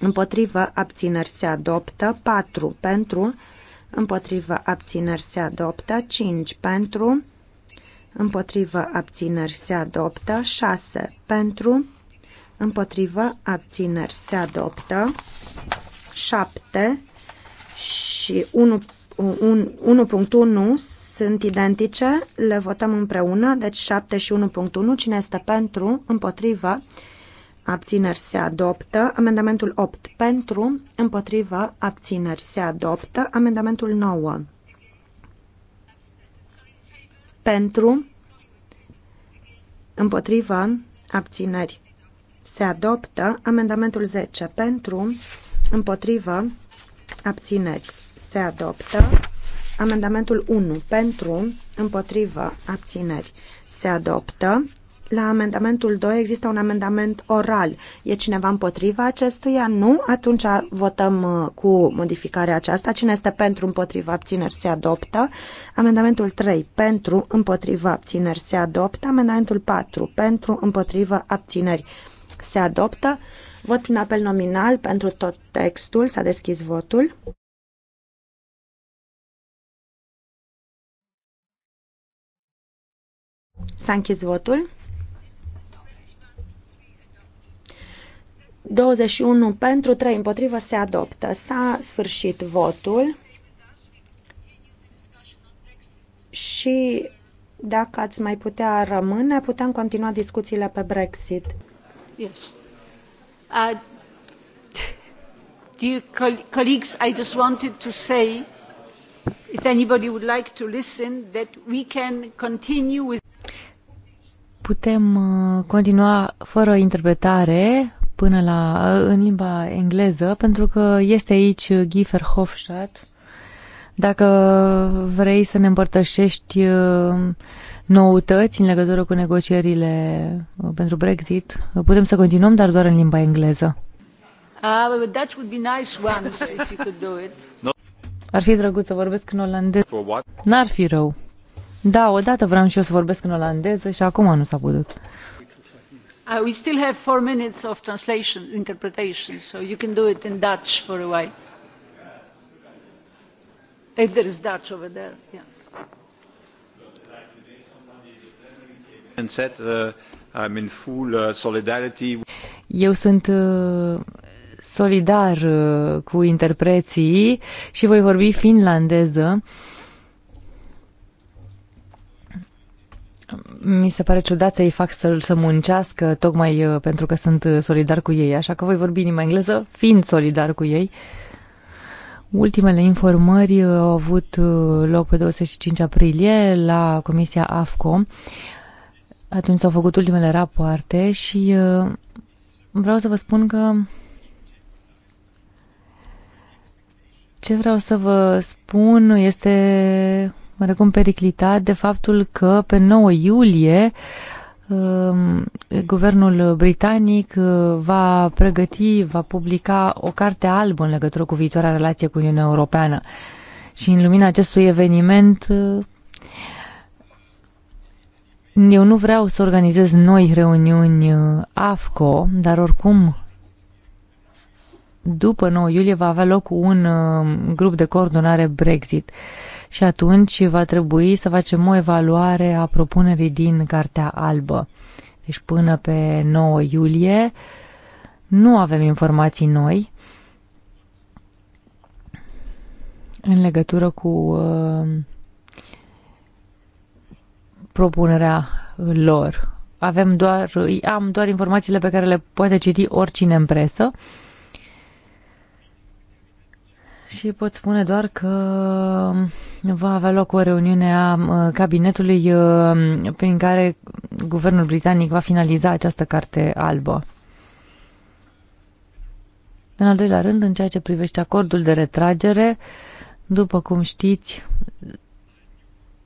împotrivă, abțineri se adoptă. 4 pentru, împotrivă, abțineri se adoptă. 5 pentru, împotrivă, abțineri se adoptă. 6 pentru, împotrivă, abțineri se adoptă. 7 și 1 1.1 sunt identice, le votăm împreună, deci 7 și 1.1, cine este pentru, împotrivă, abțineri se adoptă, amendamentul 8 pentru, împotrivă, abțineri se adoptă, amendamentul 9 pentru, împotrivă, abțineri se adoptă, amendamentul 10 pentru, împotrivă, abțineri se adoptă. Amendamentul 1 pentru, împotrivă, abțineri se adoptă. La amendamentul 2 există un amendament oral. E cineva împotriva acestuia? Nu? Atunci votăm uh, cu modificarea aceasta. Cine este pentru, împotriva, abțineri se adoptă. Amendamentul 3 pentru, împotriva, abțineri se adoptă. Amendamentul 4 pentru, împotriva, abțineri se adoptă. Vot prin apel nominal pentru tot textul. S-a deschis votul. S-a închis votul. 21 pentru, 3 împotrivă se adoptă. S-a sfârșit votul și dacă ați mai putea rămâne, putem continua discuțiile pe Brexit. Yes. Uh, dear colleagues, I just wanted to say if anybody would like to listen that we can continue with putem uh, continua fără interpretare până la, uh, în limba engleză, pentru că este aici Giefer Hofstadt. Dacă vrei să ne împărtășești uh, noutăți în legătură cu negocierile pentru Brexit, putem să continuăm, dar doar în limba engleză. Uh, that would be nice once, if you could do it. Ar fi drăguț să vorbesc în olandez. N-ar fi rău. Da, odată vreau și eu să vorbesc în olandeză și acum nu s-a putut. Uh, we still have four minutes of translation, interpretation, so you can do it in Dutch for a while. If there is Dutch over there, yeah. And said, uh, I'm in full uh, solidarity. Eu sunt uh, solidar uh, cu interpreții și voi vorbi finlandeză. Uh, mi se pare ciudat să-i fac să, să muncească tocmai uh, pentru că sunt uh, solidar cu ei, așa că voi vorbi în limba engleză fiind solidar cu ei. Ultimele informări uh, au avut loc pe 25 aprilie la Comisia AFCO. Atunci s-au făcut ultimele rapoarte și vreau să vă spun că ce vreau să vă spun este oarecum periclitat de faptul că pe 9 iulie um, guvernul britanic uh, va pregăti, va publica o carte albă în legătură cu viitoarea relație cu Uniunea Europeană. Și în lumina acestui eveniment uh, eu nu vreau să organizez noi reuniuni uh, AFCO, dar oricum după 9 iulie va avea loc un grup de coordonare Brexit și atunci va trebui să facem o evaluare a propunerii din Cartea Albă. Deci până pe 9 iulie nu avem informații noi în legătură cu uh, propunerea lor. Avem doar, am doar informațiile pe care le poate citi oricine în presă. Uh, și pot spune doar că va avea loc o reuniune a cabinetului prin care guvernul britanic va finaliza această carte albă. În al doilea rând, în ceea ce privește acordul de retragere, după cum știți,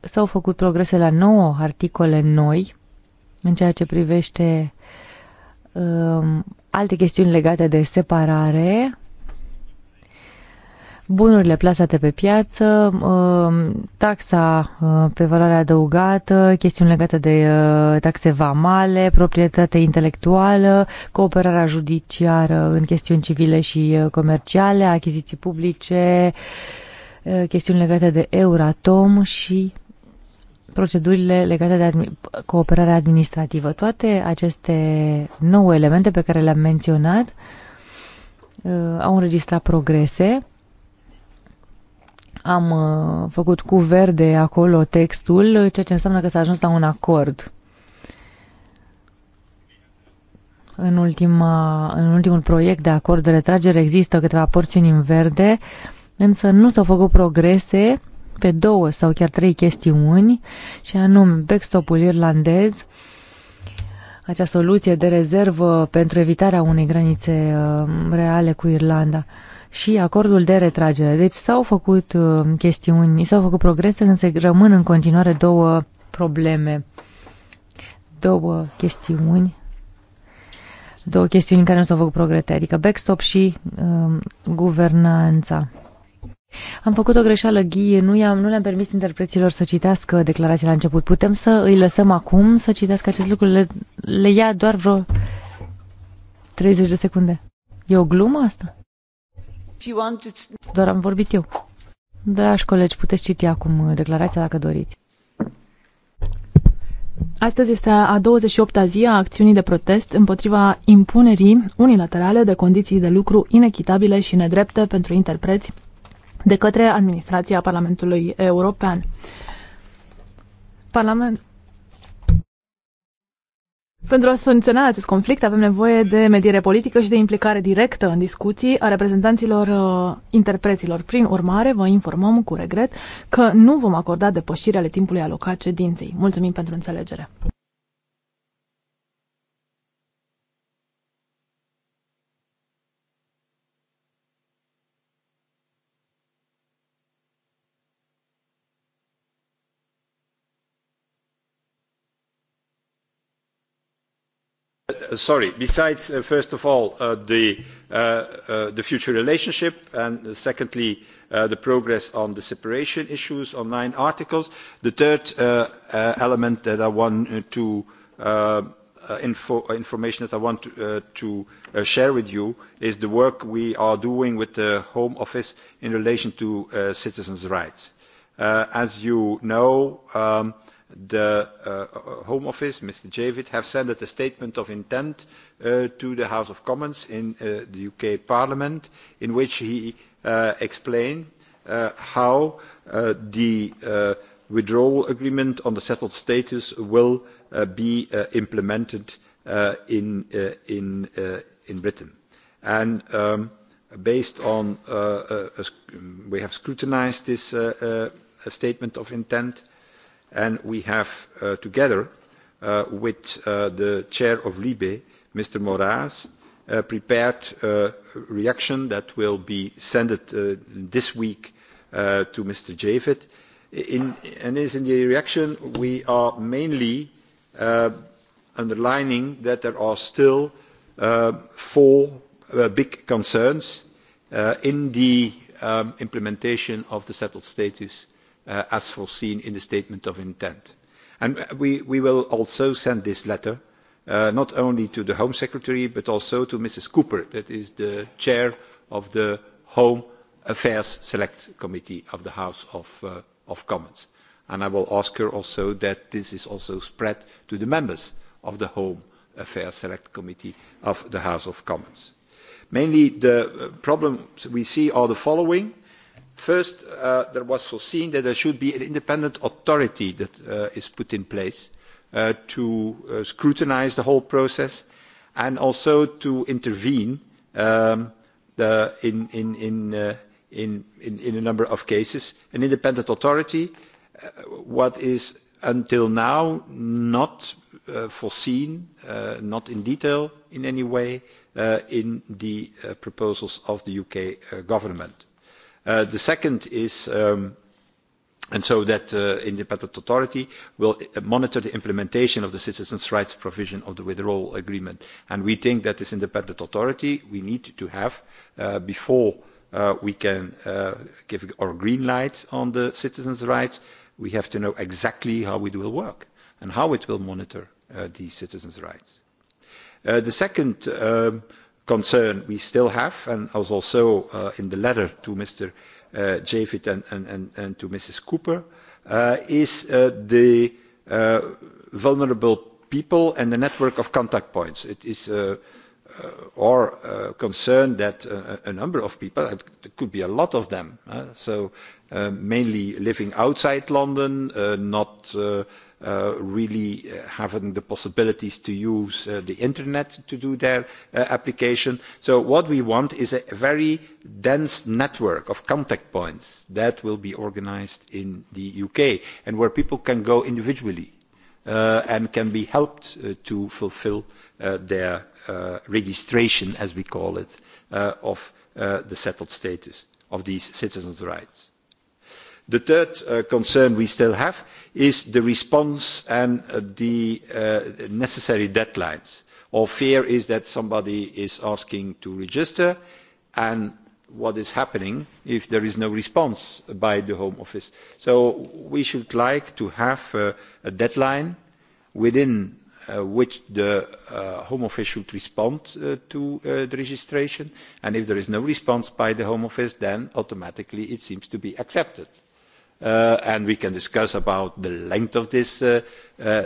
s-au făcut progrese la 9 articole noi în ceea ce privește um, alte chestiuni legate de separare, bunurile plasate pe piață, uh, taxa uh, pe valoare adăugată, chestiuni legate de uh, taxe vamale, proprietate intelectuală, cooperarea judiciară în chestiuni civile și comerciale, achiziții publice, chestiuni legate de Euratom și procedurile legate de admi- cooperarea administrativă. Toate aceste nouă elemente pe care le-am menționat uh, au înregistrat progrese am uh, făcut cu verde acolo textul, uh, ceea ce înseamnă că s-a ajuns la un acord. În, ultima, în ultimul proiect de acord de retragere există câteva porțiuni în verde, însă nu s-au făcut progrese pe două sau chiar trei chestiuni, și anume backstop-ul irlandez, acea soluție de rezervă pentru evitarea unei granițe uh, reale cu Irlanda și acordul de retragere. Deci s-au făcut uh, chestiuni, s-au făcut progrese, însă rămân în continuare două probleme, două chestiuni, două chestiuni în care nu s-au făcut progrese, adică backstop și um, guvernanța. Am făcut o greșeală, Ghie, nu, i-am, nu le-am permis interpreților să citească declarația la început. Putem să îi lăsăm acum să citească acest lucru? Le, le ia doar vreo 30 de secunde. E o glumă asta? Doar am vorbit eu. Dragi colegi, puteți citi acum uh, declarația dacă doriți. Astăzi este a 28-a zi a acțiunii de protest împotriva impunerii unilaterale de condiții de lucru inechitabile și nedrepte pentru interpreți de către administrația Parlamentului European. Parlament, pentru a soluționa acest conflict avem nevoie de mediere politică și de implicare directă în discuții a reprezentanților uh, interpreților. Prin urmare, vă informăm cu regret că nu vom acorda depășirea ale timpului alocat cedinței. Mulțumim pentru înțelegere! Uh, sorry, besides, uh, first of all, uh, the, the, future relationship, and secondly, the progress on the separation issues on nine articles. The third element that I want to Uh, info, information that I want to, uh, to share with you is the work we are doing with the Home Office in relation to citizens' rights. as you know, um, the uh, Home Office, Mr. Javid, have sent a statement of intent uh, to the House of Commons in uh, the UK Parliament, in which he uh, explained uh, how uh, the uh, withdrawal agreement on the settled status will uh, be uh, implemented uh, in, uh, in, uh, in Britain. And um, based on, uh, uh, we have scrutinized this uh, uh, statement of intent, uh, and we have uh, together uh, with uh, the chair of Libe, Mr. Moraes, uh, prepared a uh, reaction that will be sent uh, this week uh, to Mr. Javid. In, and in the reaction, we are mainly underlining that there are still four big concerns in the um, implementation of the settled status Uh, as foreseen in the statement of intent. And we, we will also send this letter uh, not only to the Home Secretary but also to Mrs. Cooper, that is the chair of the Home Affairs Select Committee of the House of, uh, of Commons. And I will ask her also that this is also spread to the members of the Home Affairs Select Committee of the House of Commons. Mainly the problems we see are the following. First, uh, there was foreseen that there should be an independent authority that uh, is put in place uh, to uh, scrutinise the whole process and also to intervene um, the, in, in, in, uh, in, in, a number of cases. An independent authority, uh, what is until now not foreseen, not in detail in any way, in the proposals of the UK government. Uh, the second is, um, and so that the uh, independent authority will monitor the implementation of the citizens' rights provision of the withdrawal agreement. And we think that this independent authority we need to have uh, before uh, we can uh, give our green light on the citizens' rights. We have to know exactly how it will work and how it will monitor uh, citizens' rights. Uh, the second uh, concern we still have, and as also uh, in the letter to Mr. Uh, Javid and, and, and, and, to Mrs. Cooper, uh, is uh, the uh, vulnerable people and the network of contact points. It is uh, our concern that a, number of people, it could be a lot of them, so mainly living outside London, not Uh, really uh, having the possibilities to use uh, the internet to do their uh, application. So what we want is a very dense network of contact points that will be organized in the UK and where people can go individually uh, and can be helped to fulfill their registration, as we call it, of the settled status of these citizens' rights. The third uh, concern we still have is the response and uh, the uh, necessary deadlines. Our fear is that somebody is asking to register and what is happening if there is no response by the Home Office. So we should like to have a deadline within which the Home Office should respond to the registration and if there is no response by the Home Office then automatically it seems to be accepted Uh, and we can discuss about the length of this uh, uh,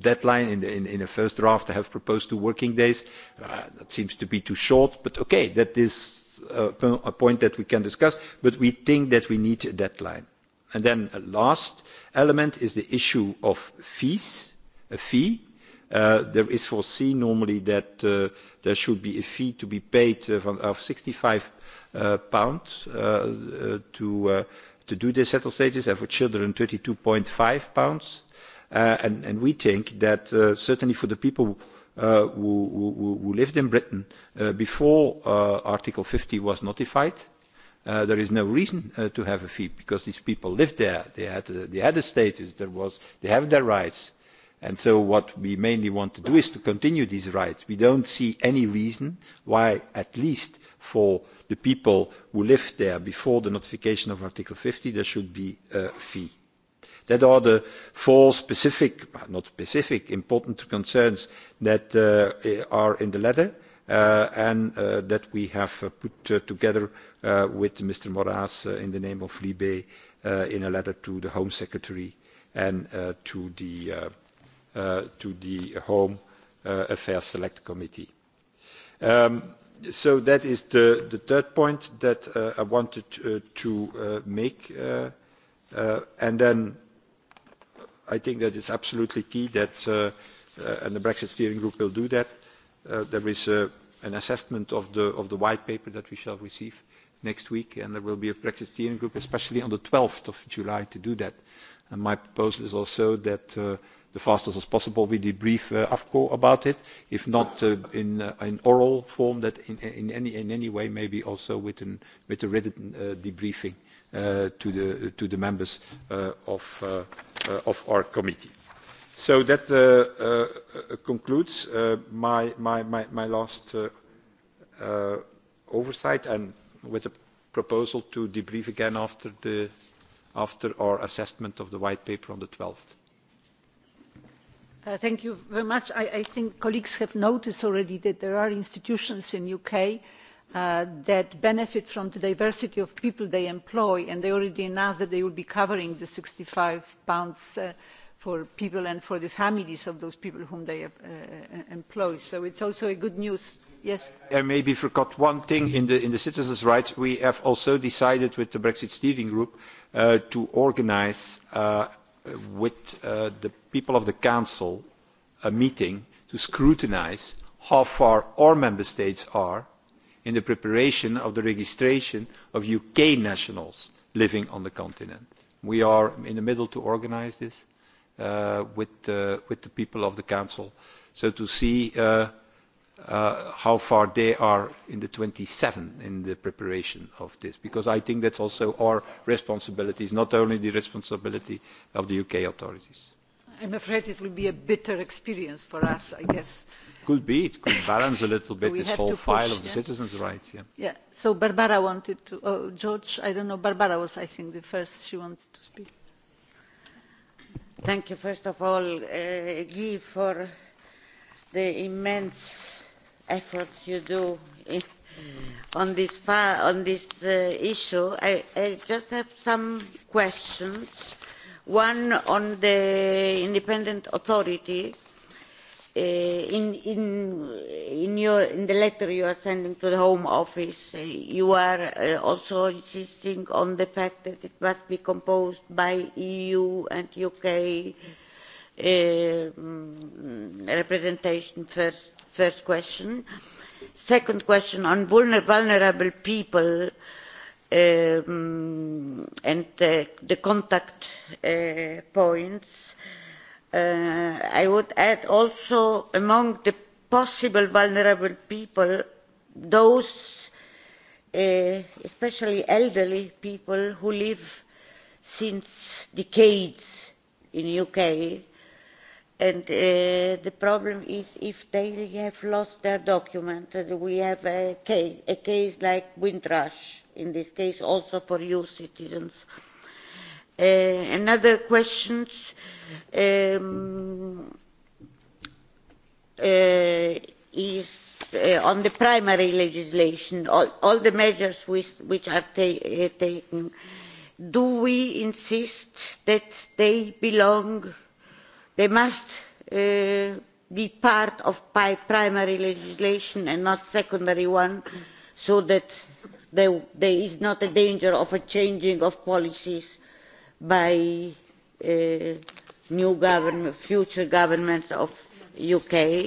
deadline in the, in, in the first draft I have proposed two working days uh, that seems to be too short but okay that is a, point that we can discuss but we think that we need a deadline and then a last element is the issue of fees a fee uh, there is foreseen normally that uh, there should be a fee to be paid from, of 65 pounds to to do this settled status and for children 32.5 pounds. Uh, and, and we think that uh, certainly for the people uh, who, who, who lived in Britain uh, before uh, Article 50 was notified, uh, there is no reason uh, to have a fee because these people lived there. They had a, uh, they had a status. There was they have their rights, and so what we mainly want to do is to continue these rights. We don't see any reason why, at least for uh, the people who lived there before the notification of Article 50, there should be a fee. That are the four specific, not specific, important concerns that uh, are in the letter uh, and uh, that we have uh, put uh, together uh, with Mr. Moraes in the name of Libe in a letter to the Home Secretary and to the, to the Home Affairs Select Committee. Um, so that is the, third point that uh, I wanted uh, to uh, make. and then I think that it's absolutely key that, and the Brexit steering group will do that, there is an assessment of the, of the white paper that we shall receive next week, and there will be a Brexit steering group, especially on the 12th of July, to do that. And my proposal is also that the fastest as possible. We debrief uh, AFCO about it, if not uh, in uh, an oral form, that in, in, any, in any way maybe also with, an, with a written uh, debriefing uh, to, the, to the members uh, of, uh, uh, of our committee. So that uh, uh, concludes uh, my, my, my, my last uh, uh, oversight and with a proposal to debrief again after, the, after our assessment of the white paper on the 12th. Uh, thank you very much. I, I think colleagues have noticed already that there are institutions in uk uh, that benefit from the diversity of people they employ and they already announced that they will be covering the gbp sixty five uh, for people and for the families of those people whom they have, uh, employ so it is also good news. Yes. maybe forgot one thing in the, in the citizens' rights. We have also decided with the Brexit steering group uh, to organise uh, with uh, the people of the Council a meeting to scrutinise how far our member states are in the preparation of the registration of UK nationals living on the continent. We are in the middle to organise this uh, with, uh, with the people of the Council, so to see uh, Uh, how far they are in the 27 in the preparation of this, because I think that's also our responsibility, not only the responsibility of the UK authorities. I'm afraid it will be a bitter experience for us, I guess. Could be. It could balance a little bit this whole push, file of yeah? the citizens' rights. Yeah. yeah. So Barbara wanted to, oh, George, I don't know, Barbara was, I think, the first she wanted to speak. Thank you, first of all, uh, Guy, for the immense efforts you do on this, on this uh, issue. I, I just have some questions. One on the independent authority. Uh, in, in, in, your, in the letter you are sending to the Home Office, uh, you are uh, also insisting on the fact that it must be composed by EU and UK um, representation first first question. Second question on vulnerable people um, and uh, the contact uh, points. Uh, I would add also among the possible vulnerable people, those uh, especially elderly people who live since decades in UK and uh, the problem is if they have lost their document, and uh, we have a case, a case like Windrush, in this case also for EU citizens. Uh, another question, um, uh, is uh, on the primary legislation, all, all the measures which, which are ta uh, taken. Do we insist that they belong they must uh, be part of primary legislation and not secondary one so that there, there is not a danger of a changing of policies by uh, new government, future governments of UK.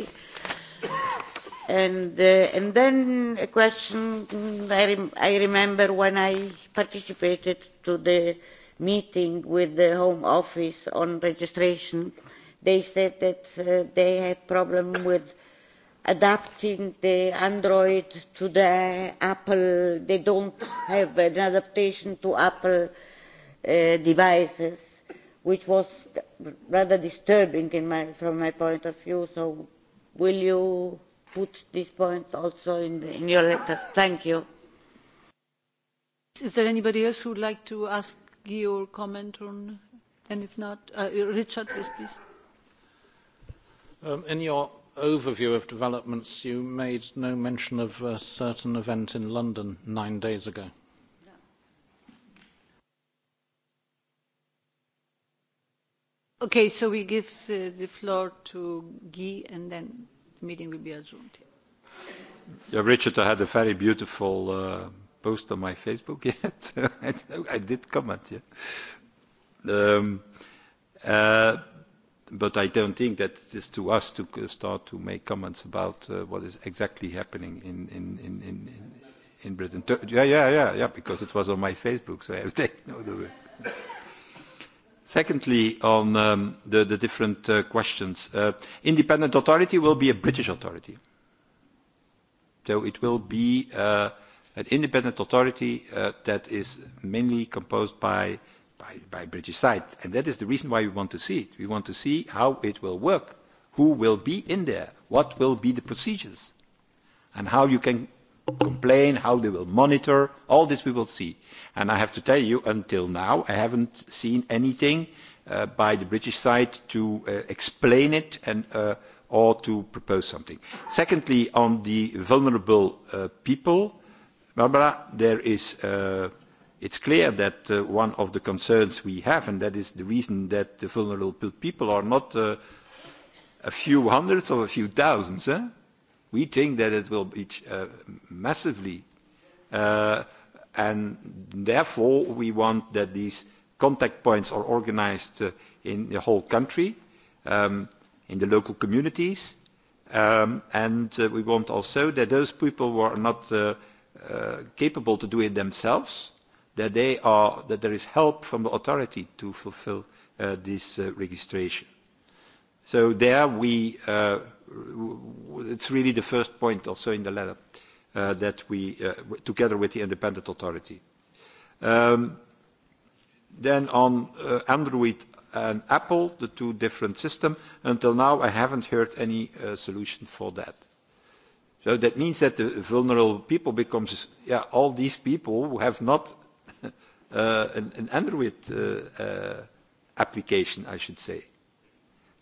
And, uh, and then a question I, rem I remember when I participated to the meeting with the Home Office on registration uh, They said that uh, they had problem with adapting the Android to the Apple. They don't have an adaptation to Apple uh, devices, which was rather disturbing in my, from my point of view. So will you put this point also in, the, in your letter? Thank you. Is there anybody else who would like to ask your comment on? And if not, uh, Richard, yes, please. Um, in your overview of developments, you made no mention of a certain event in London nine days ago. Okay, so we give uh, the floor to Guy and then the meeting will be adjourned. Yeah, Richard, I had a very beautiful uh, post on my Facebook. Yet I, I did comment. Yeah. Um, uh, but I don't think that it is to us to start to make comments about uh, what is exactly happening in, in, in, in, in Britain. Yeah, yeah, yeah, yeah, because it was on my Facebook, so I have taken note of it. Secondly, on um, the, the different uh, questions, uh, independent authority will be a British authority. So it will be uh, an independent authority uh, that is mainly composed by uh, by, by British side. And that is the reason why we want to see it. We want to see how it will work, who will be in there, what will be the procedures, and how you can complain, how they will monitor. All this we will see. And I have to tell you, until now, I haven't seen anything uh, by the British side to uh, explain it and uh, or to propose something. Secondly, on the vulnerable uh, people, Barbara, there is... Uh, it's clear that uh, one of the concerns we have, and that is the reason that the vulnerable people are not uh, a few hundreds or a few thousands. Eh? We think that it will be uh, massively. Uh, and therefore, we want that these contact points are organized uh, in the whole country, um, in the local communities. Um, and uh, we want also that those people who are not uh, uh, capable to do it themselves, that, they are, that there is help from the authority to fulfill uh, this uh, registration. So there we, uh, it's really the first point also in the letter uh, that we, uh, together with the independent authority. Um, then on uh, Android and Apple, the two different systems, until now I haven't heard any uh, solution for that. So that means that the vulnerable people becomes, yeah, all these people who have not uh, an, an Android uh, uh, application, I should say.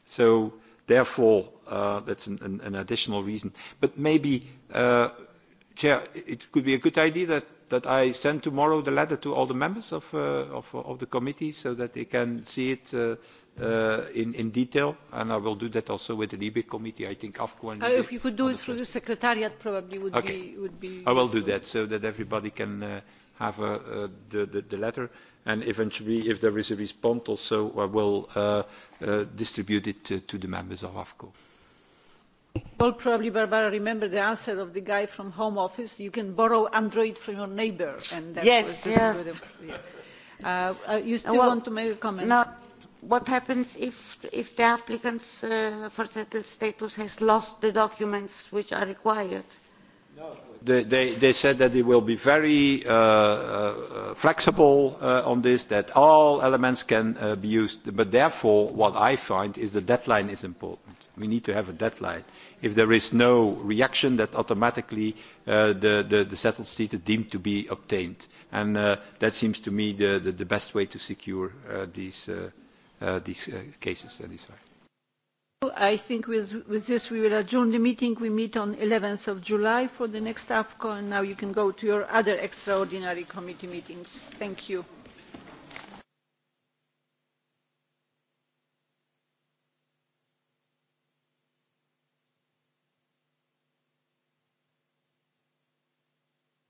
So therefore, uh, that's an, an, an additional reason. But maybe, uh, Chair, it could be a good idea that that I send tomorrow the letter to all the members of, uh, of, of the committee so that they can see it uh, uh, in, in detail. And I will do that also with the LIBE committee, I think, AFCO and... Uh, if you could do it through the secretariat, probably would okay. be... Would be I will useful. do that so that everybody can, uh, have uh, uh, the, the, the letter, and eventually, if there is a response, also I uh, will uh, uh, distribute it to, to the members of AFCO. Well, probably Barbara remember the answer of the guy from Home Office. You can borrow Android from your neighbor, and that yes, was yes. Good, yeah. Uh, uh, you still well, want to make a comment? No. What happens if if the applicant's uh, for settled status has lost the documents which are required? No. They, they, said that they will be very uh, uh, uh flexible uh, on this, that all elements can uh, be used. But therefore, what I find is the deadline is important. We need to have a deadline. If there is no reaction, that automatically uh, the, the, the, settled state is deemed to be obtained. And that seems to me the, the, best way to secure these, these cases and these facts. I think with, this we will adjourn the meeting. We meet on 11th of July for the next AFCO and now you can go to your other extraordinary committee meetings. Thank you.